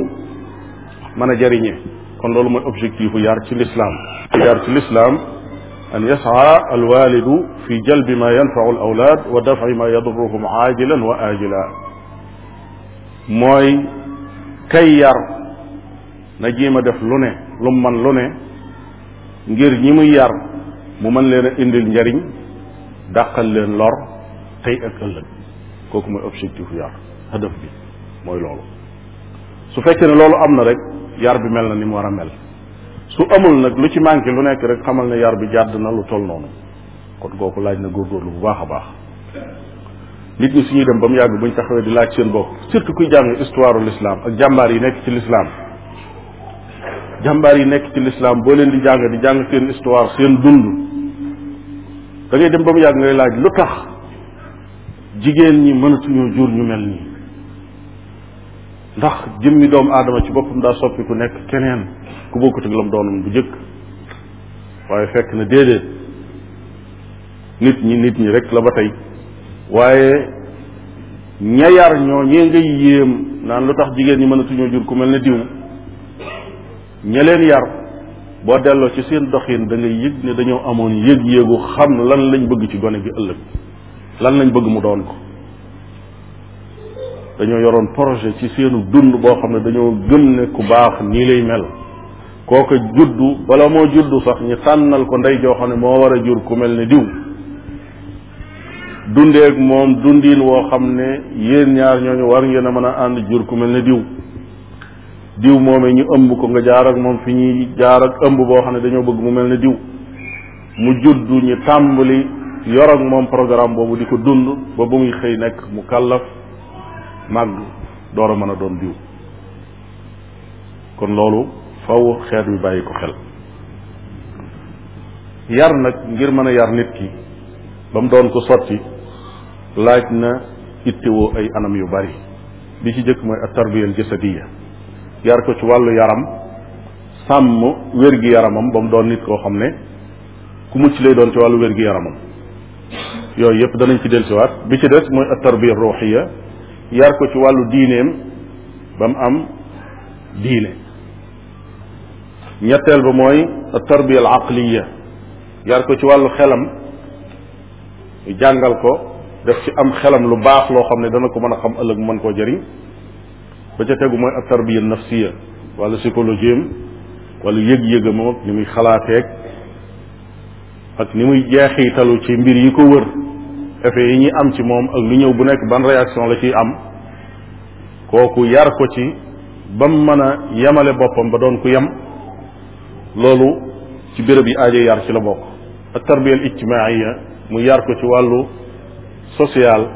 mën a jariñe kon loolu mooy objectif u yar ci lislaam yar ci lislaam an yasaa alwalidu fi jalbi ma yanfau al awlaad wa dafci ma yadurruhum aajilan wa aajila mooy kay yar na jéem a def lu ne lu mu man lu ne ngir ñi muy yar mu mën leen a indil njariñ dàqal leen lor tey ak ëllëg kooku mooy objectif yar hadaf bi mooy loolu su fekkee ne loolu am na rek yar bi mel na ni mu war a mel su amul nag lu ci manqué lu nekk rek xamal ne yar bi jàdd na lu toll noonu kon kooku laaj na góorgóorlu bu baax a baax nit ñi ñuy dem ba mu yàgg buñ taxawee di laaj seen bopp surtout kuy jàng histoire l'islam ak jàmbaar yi nekk ci l'islam jàmbaar yi nekk ci l'islam boo leen di jàng di jàng seen histoire seen dund da dem ba mu yàgg ngay laaj lu tax jigéen ñi mënatuñoo jur ñu mel nii ndax jëmmi doomu aadama ci boppam daa soppi ku nekk keneen ku bokkut ak lam doonoon bu jëkk waaye fekk na déedéet nit ñi nit ñi rek la ba tey waaye ña yar ñoo ñee ngay yéem naan lu tax jigéen ñi mënatuñoo jur ku mel ne diw ña leen yar boo delloo ci seen doxin da ngay yëg ne dañoo amoon yëg-yëgu xam lan lañ bëgg ci gone bi ëllëg lan lañ bëgg mu doon ko dañoo yoroon projet ci seenu dund boo xam ne dañoo gëm ne ku baax nii lay mel kooka juddu bala moo juddu sax ñi tànnal ko ndey joo xam ne moo war a jur ku mel ne diw dundeeg moom dundiin woo xam ne yéen ñaar ñooñu war ngeen a mën a ànd jur ku mel ne diw diw moomee ñu ëmb ko nga jaar ak moom fi ñuy jaar ak ëmb boo xam ne dañoo bëgg mu mel ne diw mu judd ñu tàmbali yor moom programme boobu di ko dund ba ba muy xëy nekk mu kàllaf màgg door a mën a doon diw kon loolu faw xeet wi bàyyi ko xel yar nag ngir mën a yar nit ki ba mu doon ko sotti laaj na ittewoo ay anam yu bari li ci jëkk mooy ak tarbiya al jasadiya yar ko ci wàllu yaram sàmm wér-gi-yaramam ba mu doon nit koo xam ne ku mucc lay doon ci wàllu wér-gi-yaramam yooyu yëpp danañ ci dellusiwaat bi ci des mooy at tarbiya ruuxiya yar ko ci wàllu diineem ba mu am diine ñetteel ba mooy at tarbiya al aqliya yar ko ci wàllu xelam jàngal ko def ci am xelam lu baax loo xam ne dana ko mën a xam ëllëg mën koo jëriñ ba ca tegu mooy ak tarbiya nafsiya wala psychologie am wala yëg-yëgam ak ni muy xalaateeg ak ni muy jeexitalu ci mbir yi ko wër effet yi ñuy am ci moom ak lu ñëw bu nekk ban réaction la ciy am kooku yar ko ci bam mën a yemale boppam ba doon ku yem loolu ci bërëb yi aajo yar ci la bokk ak tarbiya al ijtimaaiya mu yar ko ci wàllu social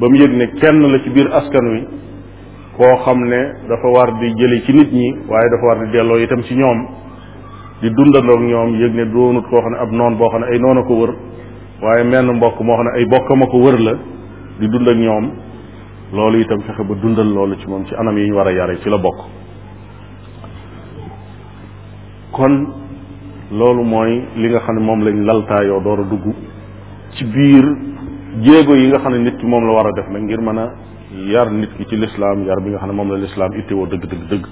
ba mu yëg ne kenn la ci biir askan wi boo xam ne dafa war di jële ci nit ñi waaye dafa war di delloo itam ci ñoom di dundandoog ñoom yëg ne doonut koo xam ne ab noon boo xam ne ay noon a ko wër waaye menn mbokk moo xam ne ay bokkam a ko wër la di dund ak ñoom loolu itam fexe ba dundal loolu ci moom ci anam yi ñu war a yare ci la bokk kon loolu mooy li nga xam ne moom lañ laltaayoo door a dugg ci biir jéego yi nga xam ne nit ki moom la war a def nag ngir mën a yar nit ki ci lislaam yar bi nga xam ne moom la lislaam ittewoo dëgg dëgg dëgg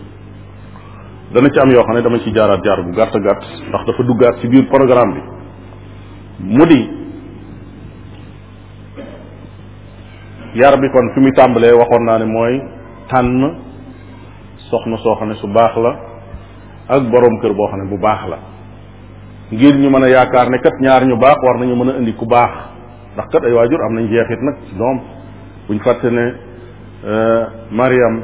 dana ci am yoo xam ne dama ci jaaraat jaar bu gàtt gàtt ndax dafa duggaat ci biir programme bi mu di yar bi kon fi muy tàmbalee waxoon naa ne mooy tànn soxna soo xam ne su baax la ak boroom kër boo xam ne bu baax la ngir ñu mën a yaakaar ne kat ñaar ñu baax war nañu mën a indi ku baax ndax kat ay waajur am nañ jeexit nag ci doom buñ fàtte ne Euh, Mariam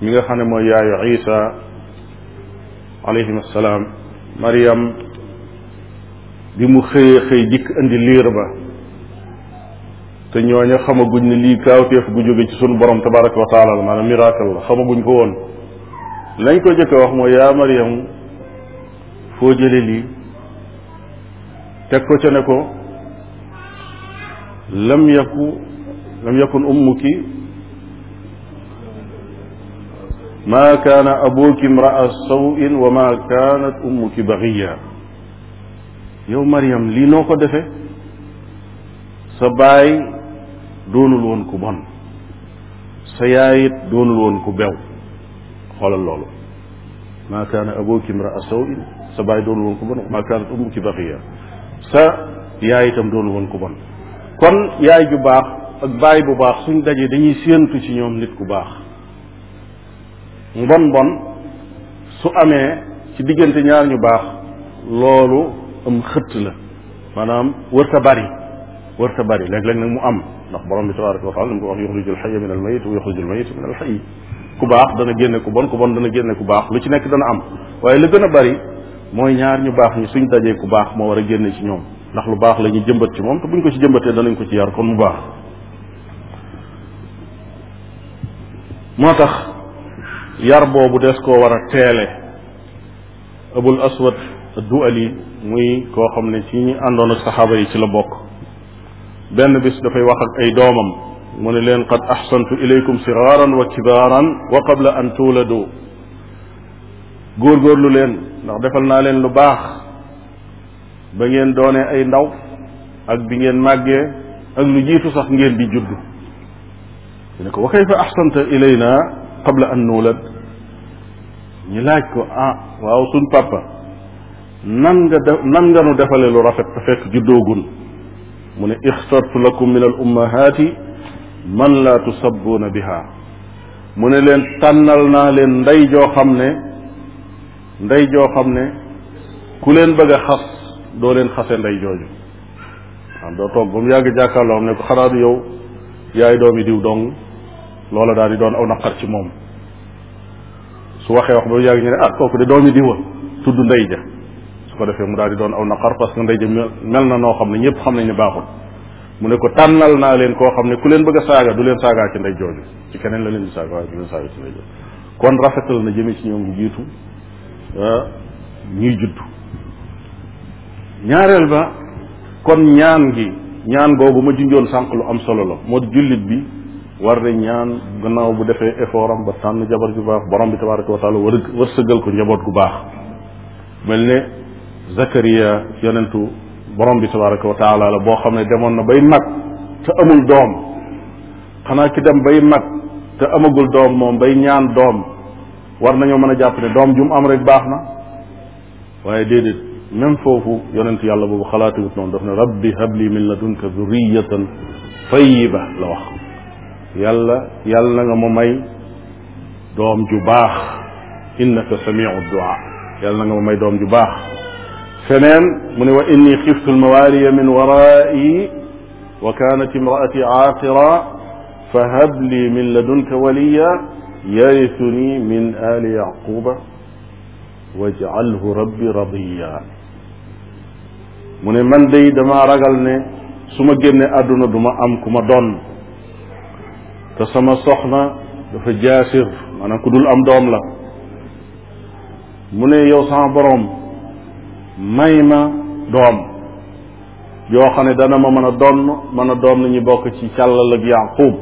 mi nga xam ne mooy yaayu Isa alayhim assalaam Mariam bi mu xëyee xëy dikk indi liir ba te ñooña xamaguñ ne lii kaawteef gu jóge ci sunu borom tabaraka wa taala la maanaam miracle la xamaguñ ko woon lañ ko jëkk a wax mooy yaa Mariam foo jële lii teg ko ca ne ko lam yaku lam yakun ummuki maa kaana abuki imraa sawin wa maa kaanat ummuki baxiya yow Mariam lii noo ko defe sa baay doonul woon ku bon sa yaayit doonul woon ku bew xoolal loolu maa kaana abuki imraa sawin sa baay doonul woon ku bon wa maa kaanat ummuki baxiya sa yaay itam doonul woon ku bon kon yaay ju baax ak baay bu baax suñ dajee dañuy séentu ci ñoom nit ku baax mbon mbon su amee ci diggante ñaar ñu baax loolu am xëtt la maanaam wër sa bari wër sa bari léeg-léeg mu am ndax borom bi tabaraka wa taala mu ko wax yuxrijul xaya min al mayit wa yuxrijul mayit min al xay ku baax dana génne ku bon ku bon dana génne ku baax lu ci nekk dana am waaye li gën a bari mooy ñaar ñu baax ñu suñ dajee ku baax moo war a génne ci ñoom ndax lu baax la ñu jëmbat ci moom te buñ ko ci jëmbatee danañ ko ci yar kon mu tax yar boobu des koo war a teele abul aswad duali muy koo xam ne ci ñi àndoon ak saxaaba yi ci la bokk benn bis dafay wax ak ay doomam mu ne leen qad axsantu ilaykum siraaran wa kibaaran wa qabla an tuuladu góorgóorlu leen ndax defal naa leen lu baax ba ngeen doonee ay ndaw ak bi ngeen màggee ak lu jiitu sax ngeen di juddu ñu ne ko wa kayfa axsanta ilayna qabla an nuulad ñi laaj ko ah waaw suñ papa nan nga nan nga defale lu rafet te fekk juddoogun mu ne ixtartu lakum min al ummahaati man laa tusabbuuna biha mu ne leen tànnal naa leen ndey joo xam ne ndey joo xam ne ku leen bëgg a xas doo leen xase ndey jooju waaw doo toog ba mu yàgg jàkkaarloo xam ne ko xanaa yow yaay doomi diw dong loola daal di doon aw naqar ci moom su waxee wax ba yàgg ñu ne ah kooku de doomi diwa tudd ndey ja su ko defee mu daal di doon aw naqar parce que ndey ja mel na noo xam ne ñëpp xam nañ ne baaxul mu ne ko tànnal naa leen koo xam ne ku leen bëgg a saaga du leen saagaa ci ndey jooju ci keneen la leen di saaga waaye du leen saaga ci ndey jooju kon rafetal na jëme ci ñoom bu jiitu ñuy judd ñaareel ba kon ñaan gi ñaan googu ma junjoon sànq lu am solo la moo di bi war di ñaan gannaaw bu defee effort am ba tànn jabar ju baax borom bi tabaraka wa taala war wërsëgal ko njaboot gu baax mel ne Zakaria yonentu borom bi tabaraka wa taala la boo xam ne demoon na bay mag te amul doom xanaa ki dem bay mag te amagul doom moom bay ñaan doom war nañoo mën a jàpp ne doom ju mu am rek baax na waaye déedéet même foofu yonent yàlla boobu xalaatiwut noonu daf ne rabbi habli min ladunka dhurriyatan tayyiba la wax yàlla yàlla na nga ma may doom ju baax innaka samiu du'a yàlla na nga ma may doom ju baax feneen mu ne wa inni xiftu almawaaliya min waraa'i wa kaanat imraati aaqira fa hab li min ladunka waliya yarituni min ali yaquba waj'alhu rabbi radiya mu ne man day dama ragal ne su ma génne àdduna du ma am ku ma doon te sama soxna dafa jaasir maanaam ku dul am doom la mu ne yow sama boroom may ma doom yoo xam ne dana ma mën a donn mën a doom nañu bokk ci càllal ak yaqub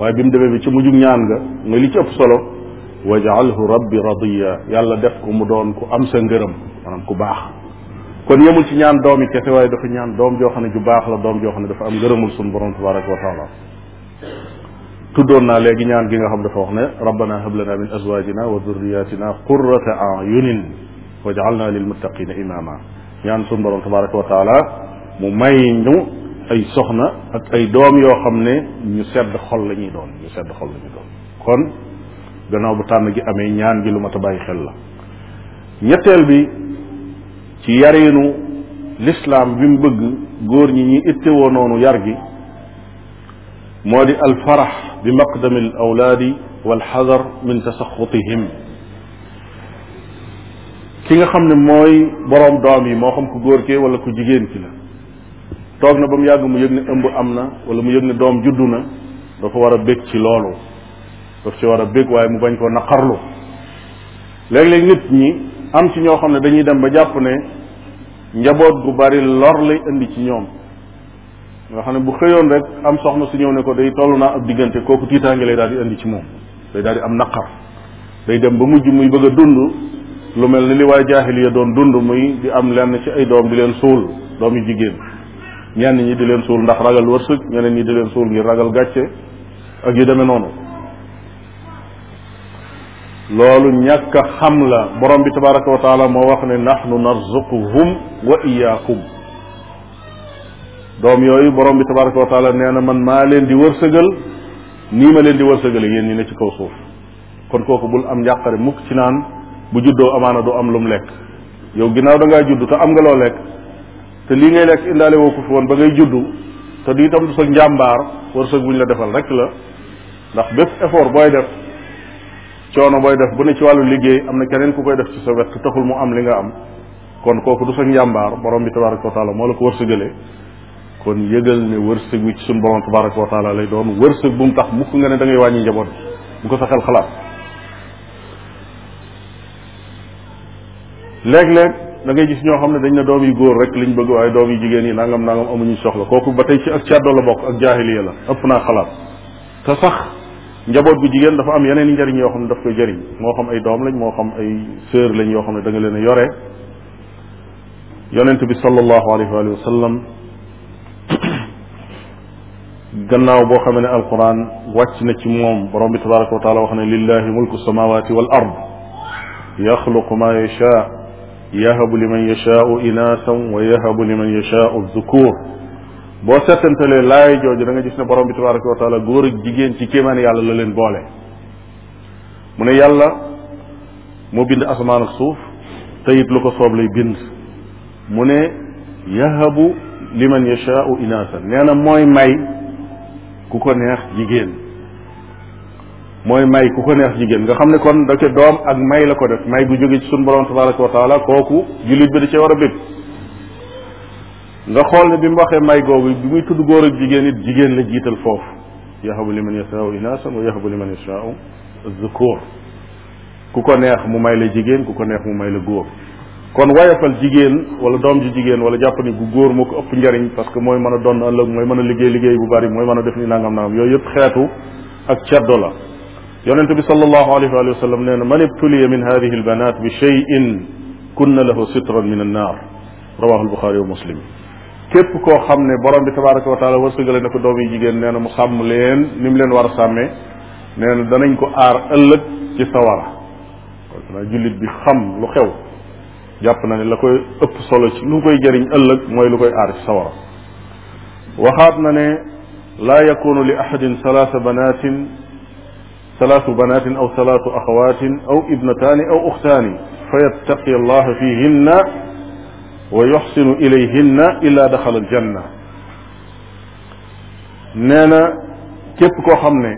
waaye bi mu demee bi ci mujjug ñaan nga nga li ci ëpp solo wajaalhu rabbi radiya yàlla def ko mu doon ku am sa ngërëm maanaam ku baax kon yemul ci ñaan doom yi kese waaye dafa ñaan doom joo xam ne ju baax la doom joo xam ne dafa am ngërëmul sun borom tabaraka wa taala tuddoon naa léegi ñaan gi nga xam dafa wax ne rabbana hablana min azwajina wa dhurriyatina qurrata a'yunin waj'alna lil muttaqina imama ñaan sunu borom tabaraka mu may ñu ay soxna ak ay doom yoo xam ne ñu sedd xol la ñuy doon ñu kon gannaaw bu tànn gi amee ñaan gi lu mat a xel la ñetteel bi ci yareenu lislaam bi mu bëgg góor ñi ñi ittewoo noonu yar gi moo di alfarax bi maqdami al awlaadi walxadar min tasaxutihim ki nga xam ne mooy boroom doom yi moo xam ku góor kee wala ku jigéen ki la toog na ba mu yàgg mu yëg ne ëmb am na wala mu yëg ne doom juddu na dafa war a bég ci loolu daf ci war a bég waaye mu bañ koo naqarlu léeg-léeg nit ñi am ci ñoo xam ne dañuy dem ba jàpp ne njaboot gu bari lor lay indi ci ñoom nga xam ne bu xëyoon rek am soxna si ñëw ne ko day toll naa ab diggante kooku tiitaange lay daal di indi ci moom day daal di am naqar day dem ba mujj muy bëgg a dund lu mel ni li waa jaahiliya doon dund muy di am lenn ci ay doom di leen suul doom yu jigéen ñenn ñi di leen suul ndax ragal wërsëg ñeneen ñi di leen suul ngir ragal gàcce ak yu deme noonu loolu ñàkk xam la borom bi tabaraka wa taala moo wax ne nahnu narzuquhum wa iyaakum doom yooyu borom bi tabaraka wa taala nee na man maa leen di wërsëgal nii ma leen di wërsëgale yéen ñi ne ci kaw suuf kon kooku bul am njàqare mukk ci naan bu juddoo amaana du am lu mu lekk yow ginnaaw dangaa juddu judd te am nga loo lekk te lii ngay lekk indaale woo ko fi woon ba ngay juddu te du itam du sa njàmbaar wërsëg bu ñu la defal rek la ndax bépp effort booy def coono booy def bu ne ci wàllu liggéey am na keneen ku koy def ci sa wet taxul mu am li nga am kon kooku du sa njàmbaar borom bi tabaraka wa taala moo la ko wërsëgale kon yëgal ne wërsëg wi ci suñu borom tabaraka wa taala lay doon wërsëg bu mu tax mukk nga ne da wàññi njaboot bu ko sa xel xalaat léeg-léeg da ngay gis ñoo xam ne dañ ne doom yu góor rek liñ bëgg waaye doom yi jigéen yi nangam nangam amuñu soxla kooku ba tey ci ak càddo la bokk ak jaahiliya la ëpp naa xalaat te sax njaboot bu jigéen dafa am yeneen yi njariñ yoo xam ne daf koy jariñ moo xam ay doom lañ moo xam ay sœur lañ yoo xam ne da leen a yore yonent bi sallallahu alayhi gannaaw boo xamee ne alquran wàcc na ci moom borom bi tabaraka wa taala wax ne lillahi mulku samawati wal ard yaxluqu ma yasha yahabu liman yashaau inaasan wa yahabu liman yashaau dhukur boo settantalee laay jooju da nga gis ne borom bi tabaraka wa taala góor ak jigéen ci kéemaan yàlla la leen boole mu ne yàlla moo bind asamaan ak suuf te it lu ko soob lay bind mu ne yahabu liman yashaau inaasan nee na mooy may ku ko neex jigéen mooy may ku ko neex jigéen nga xam ne kon da doom ak may la ko def may bu jóge ci sunu borom tabaraka wa taala kooku jullit bi da cee war a bég nga xool ne bi mu waxee may googu bi muy tudd góor ak jigéen it jigéen la jiital foofu yahabu liman yashaau inaasan wa yahabu liman yashaau zukur ku ko neex mu may la jigéen ku ko neex mu may la góor kon wayafal jigéen wala doom ji jigéen wala jàpp ni gu góor moo ko ëpp njariñ parce que mooy mën a doon ëllëg mooy mën a liggéey liggéey bu bari mooy mën a def ni nangam nangam yooyu yëpp xeetu ak ceddo la yonente bi sallallahu alayhi wa sallam nee na man ibtuliya min hadihi albanat bi cheyin kunna lahu sitran min annar rawahu albuxaari wa muslim képp koo xam ne borom bi tabaraka wa taala wërsëgale na ko doom yi jigéen nee na mu sàmm leen ni mu leen war a sàmmee nee na danañ ko aar ëllëg ci sawara bi xam lu xew jàpp na ne la koy ëpp solo ci lukoy koy jëriñ ëllëg mooy lu koy aar ci waxaat na ne laa yakunu li ahadin salaasa banaatin salaasu banaatin aw salaatu axawaatin aw ibnataani aw uxtaani fa yattaqi allaha fihinna wa illa daxala aljanna nee na képp koo xam ne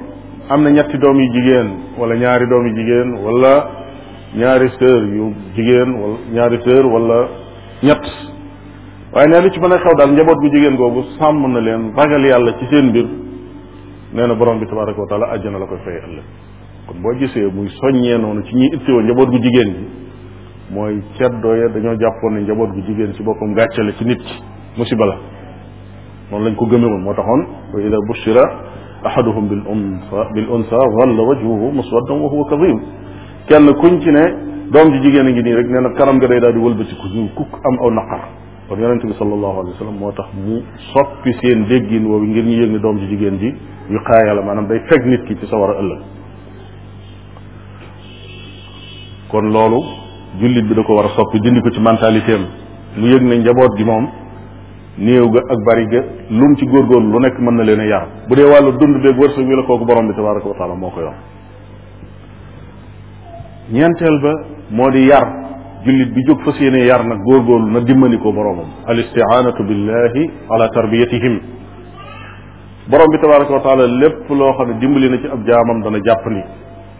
am na ñetti doom yu jigéen wala ñaari doom yu jigéen ñaari sœur yu jigéen wala ñaari sœur wala ñett waaye nee li ci mën a xew daal njaboot gu jigéen googu sàmm na leen ragal yàlla ci seen mbir nee na borom bi tabaraka wa taala àjjana la koy fay ëllëg kon boo gisee muy soññee noonu ci ñuy ittiwoo njaboot gu jigéen gi mooy ceddoo ya dañoo jàppoon ne njaboot gu jigéen ci boppam la ci nit ci musiba la noonu lañ ko gëmewoon moo taxoon wa ida bushira ahaduhum bil unsa bil unsa walla wajhuhu muswaddan kenn kuñ ci ne doom ji jigéen a ngi nii rek nee na karam nga day daal di wëlbati ku suuf kukk am aw naqar kon yonente bi sallallahu alayhi wa sallam moo tax mu soppi seen déggin woowu ngir ñu yëg ne doom ji jigéen ji yu xaaya la maanaam day fekk nit ki ci sawar a ëllëg kon loolu jullit bi da ko war a soppi dindi ko ci mentalité am mu yëg ne njaboot gi moom néew ga ak bari ga lum ci góorgóorlu lu nekk mën na leen a bu dee wàllu dund beeg wërsëg wi borom bi tabaraka wa ñeenteel ba moo di yar jullit bi jóg fas yéene yar nag góor na dimbali ko boroomam al istiaanatu billahi ala tarbiyatihim borom bi tabaraka wa lépp loo xam ne dimbali na ci ab jaamam dana jàppandi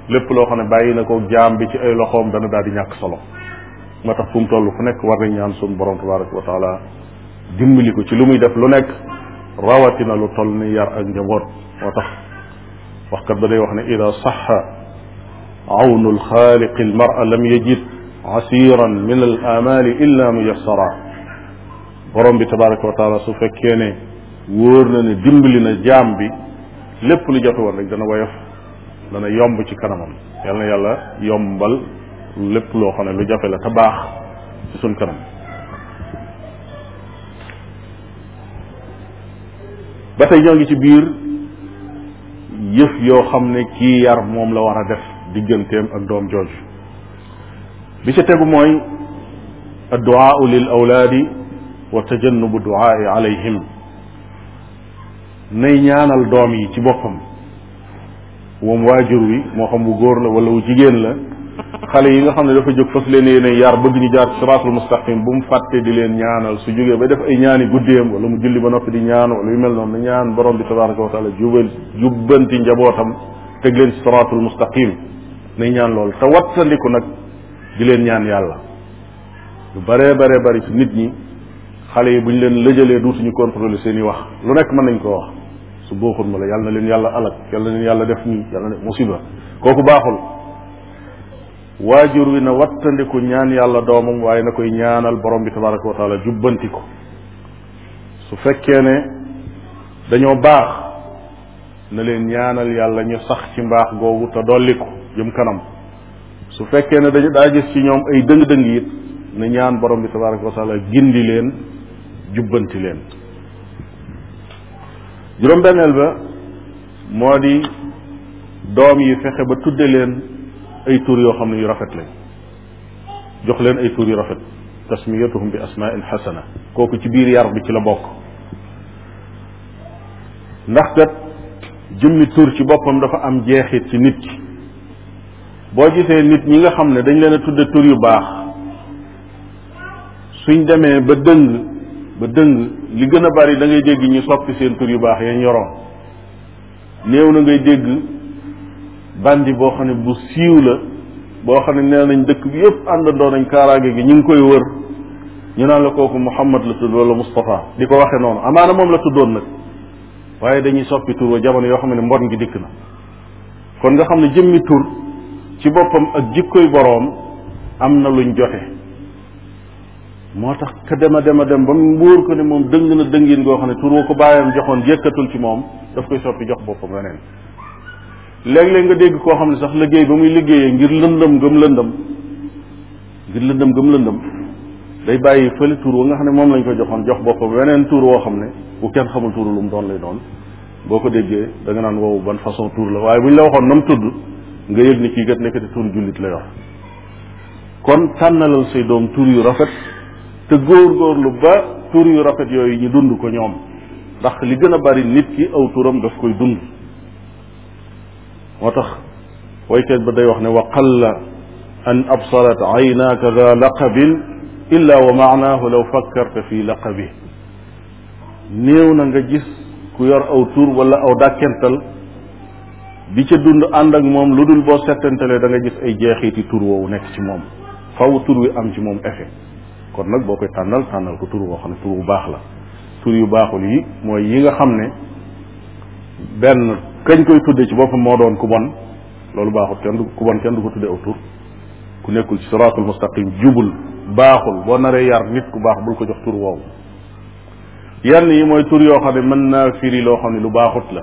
lépp loo xam ne bàyyi na ko jaam bi ci ay loxoom dana daal di ñàkk solo moo tax fu mu toll fu nekk war nañ ñaan suñu borom tabaraka wa taala dimbali ko ci lu muy def lu nekk na lu toll ni yar ak njaboot moo tax waxkat ba day wax ne ida saxa awnu alxaaliqi almara lam yajid asiran min al amali illa muyassara borom bi tabaraka wa taala su fekkee ne wóor na ne dimbali na jaam bi lépp lu jotu woon rek dana woyof dana yomb ci kanamam yal na yàlla yombal lépp loo xam ne lu jafe la te baax ci suñ kanam ba tey ñoo ngi ci biir yëf yoo xam ne kii yar moom la war a def digganteem ak doom jooju bi ca tegu mooy adduaau lil awlaadi wa tajannubu duaai alayhim nay ñaanal doom yi ci boppam moom waajur wi moo xam wu góor la wala wu jigéen la xale yi nga xam ne dafa jóg fas leen yéene yar bëgg ñu jaar ci siraatul mustaqim bu mu fàtte di leen ñaanal su jógee ba def ay ñaani guddeem wala mu julli ba noppi di ñaan wala yu mel noonu na ñaan borom bi tabaraka wa taala jubal jubbanti njabootam teg leen ci siraatul mustaqim nay ñaan loolu te wattandiku nag di leen ñaan yàlla lu bare bare bari ci nit ñi xale yi bu ñu leen lëjalee duutuñu contrôler seen i wax lu nekk mën nañ koo wax su booxut ma la yàlla na leen yàlla alak yàlla na leen yàlla def nii yàlla na musiba kooku baaxul waajur wi na wattandiku ñaan yàlla doomam waaye na koy ñaanal borom bi tabaraka wa taala jubbanti ko su fekkee ne dañoo baax na leen ñaanal yàlla ñu sax ci mbaax googu te dolli ko jëm kanam su fekkee ne dañu daa gis ci ñoom ay dëng-dëng it na ñaan borom bi tabaraka wa taala gindi leen jubbanti leen juróom-benneel ba moo di doom yi fexe ba tudde leen ay tur yoo xam ne yu rafet lañ jox leen ay tur yu rafet tasmiyatuhum bi asmain xasana kooku ci biir yar bi ci la bokk ndax kat jëmmi tur ci boppam dafa am jeexit ci nit ki boo gisee nit ñi nga xam ne dañ leen a tudde tur yu baax suñ demee ba dëng ba dëng li gën a bari da dégg ñu soppi seen tur yu baax yañ yoroon néew na ngay dégg bandi boo xam ne bu siiw la boo xam ne nee nañ dëkk bi yëpp àndandoo nañ kaaraange gi ñu ngi koy wër ñu naan la kooku Muhammad la tudd wala Moustapha di ko waxee noonu amaana moom la tuddoon nag waaye dañuy soppi tur wa jamono yoo xam ne mbon gi dikk na kon nga xam ne jëmmi tur ci boppam ak jikkoy boroom am na luñ jote moo tax ka dem a dem a dem ba mu wóor ko ne moom dëng na dëngin goo xam ne tur ko bàyyam joxoon yëkkatul ci moom daf koy soppi jox boppam leneen léeg-léeg nga dégg koo xam ne sax liggéey ba muy liggéeyee ngir lëndëm gëm lëndëm ngir lëndëm gëm lëndëm day bàyyi fële tur wa xam ne moom lañ ko joxoon jox boppam weneen tur woo xam ne bu kenn xamul tur lu mu doon lay doon boo ko déggee danga naan woowu ban façon tur la waaye bu ñu la waxoon na mu tudd nga yëg ni kii kat nekkati tur jullit la yor kon tànnalal say doom tur yu rafet te góorgóorlu ba tur yu rafet yooyu ñu dund ko ñoom ndax li gën a bari nit ki aw turam daf koy dund moo tax waykat ba day wax ne wa qalla an absarat aynaaka za laqabin illa wa maanaahu law fakkarta fi laqabi néew na nga gis ku yor aw tur wala aw dàkkental di ca dund ànd ak moom lu dul boo settantalee da nga gis ay jeexiti tur woowu nekk ci moom faw tur wi am ci moom effet kon nag boo koy tànnal tànnal ko tur woo xam ne tur bu baax la tur yu baaxul yi mooy yi nga xam ne benn kañ koy tudde ci boppam moo doon ku bon loolu baaxul kenn du ku bon du ko tudde aw tur ku nekkul ci siraatul mustaqim jubul baaxul boo naree yar nit ku baax bul ko jox tur woowu yenn yi mooy tur yoo xam ne mën naa firi loo xam ne lu baaxut la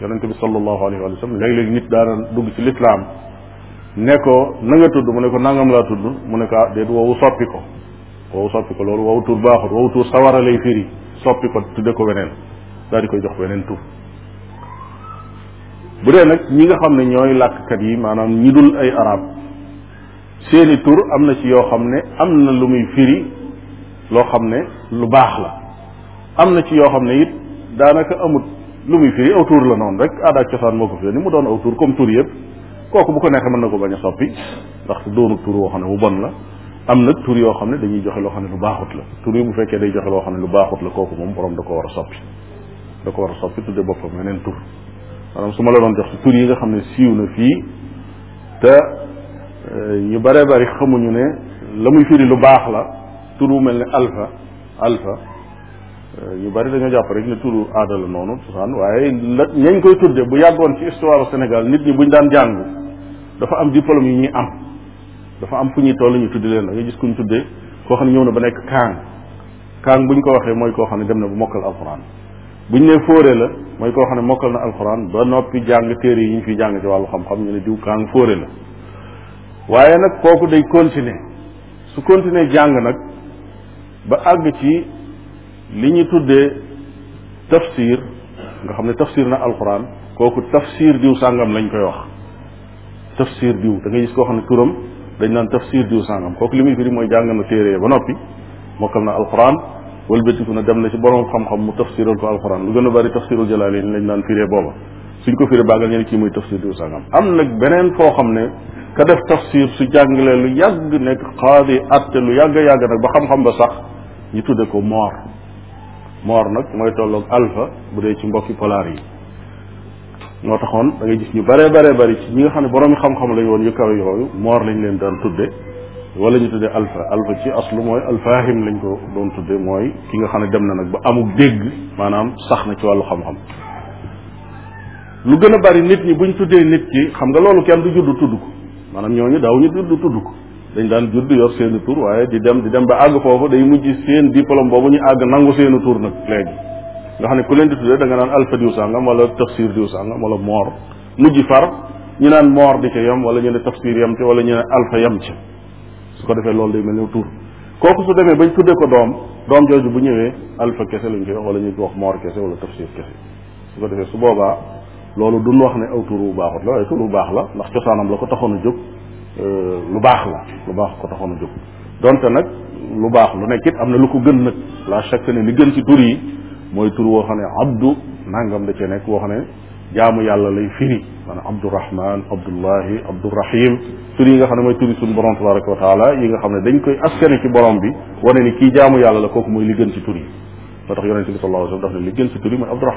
yonente bi sallallahu alayhi wa sallam léeg-léeg nit daana dugg ci lislaam ne ko nanga tudd mu ne ko nangam laa tudd mu ne ko ah déet woowu soppi ko woowu soppi ko loolu woowu tur baaxut woowu tur sawara lay firi soppi ko tudde ko weneen daal di koy jox weneen tur bu dee nag ñi nga xam ne ñooy làkkat yi maanaam ñi dul ay arab seeni tur am na ci yoo xam ne am na lu muy firi loo xam ne lu baax la am na ci yoo xam ne it daanaka amut lu muy firi aw tur la noonu rek aada ak cosaan moo ko firi ni mu doon aw tur comme tur yëpp kooku bu ko neexee mën na ko bañ a soppi ndax doonu tur woo xam ne bu bon la am nag tur yoo xam ne dañuy joxe loo xam ne lu baaxut la tur yi bu fekkee day joxe loo xam ne lu baaxut la kooku moom borom da ko war ko war a soppi tudde boppam yeneen tur maanaam ma la doon jox tur yi nga xam ne siiw na fii te euh, ñu bare bari xamuñu ne la muy firi lu baax la tour bu mel ne alpha alpha ñu bari dañoo jàpp rek ne turu aada la noonu cosaan waaye la ñañ koy tudde bu yàggoon ci histoire Sénégal nit ñi bu ñu daan jàng dafa am diplôme yi ñuy am dafa am fu ñuy toll ñu tuddi leen da nga gis kuñ tuddee koo xam ne ñëw na ba nekk kaang kaang buñ ko waxee mooy koo xam ne dem na ba mokkal alxuraan buñ ne fóore la mooy koo xam ne mokkal na alxuraan ba noppi jàng téere yi ñu fi jàng ci wàllu xam-xam ñu ne diw kaang fóore la waaye nag kooku day continuer su continuer jàng nag ba àgg ci li ñu tuddee tafsir nga xam ne tafsir na alquran kooku tafsir diw sàngam lañ koy wax tafsir diw da ngay gis koo xam ne turam dañ naan tafsir diw sàngam kooku li muy firi mooy jàng na téere ba noppi mokkal na alquran wëlbatiku na dem na ci borom xam-xam mu tafsiral ko alquran lu gën a bari tafsirul jalaali lañ naan firee booba suñ ko firee baagal ñu ne kii muy tafsir diw sàngam am nag beneen foo xam ne ka def tafsir su jàngalee lu yàgg nekk xaadi atte lu yàgg yàgg nag ba xam-xam ba sax ñu tudde ko moor moor nag mooy tollook alpha bu dee ci mbokki polaar yi moo taxoon da ngay gis ñu bare bare bari ci ñi nga xam ne boroomi xam-xam lañu woon yu kaw yooyu moor lañ leen daan tudde wala ñu tuddee alpha alpha ci aslu mooy alfahim lañ ko doon tudde mooy ki nga xam ne dem na nag ba amul dégg maanaam sax na ci wàllu xam-xam lu gën a bari nit ñi buñ tuddee nit ki xam nga loolu kenn du juddu tudd ko maanaam ñoo ñu daw ñu juddu tudd ko dañ daan judd yor seeni tur waaye di dem di dem ba àgg foofu day mujj seen diplôme boobu ñu àgg nangu seeni tur nag léegi nga xam ne ku leen di tuddee da nga naan alpha diw sàngam wala tafsir diw sàngam wala moor mujj far ñu naan moor di ca yem wala ñu ne tafsir yem ca wala ñu ne alpha yem ca su ko defee loolu day mel ni tur kooku su demee bañ tuddee ko doom doom jooju bu ñëwee alpha kese lañ koy wax wala ñu wax moor kese wala tafsir kese ko defee su boobaa loolu duñ wax ne aw tur bu baaxut la waaye tur baax la ndax cosaanam la ko taxoon jóg Euh, lu baax la lu baax ko taxoon a jóg donte nag lu baax lu nekk am na lu ko gën nag la chaque ne li gën ci tur yi mooy tur woo xam ne abdu nangam da cee nekk woo xam ne jaamu yàlla lay firi maanaam abdurahman abdullahi abdurahim tur yi nga xam ne mooy turi suñu borom tabaraka wa taala yi nga xam ne dañ koy askane ci borom bi wane ni kii jaamu yàlla la kooku mooy li gën ci tur mooy abdurahman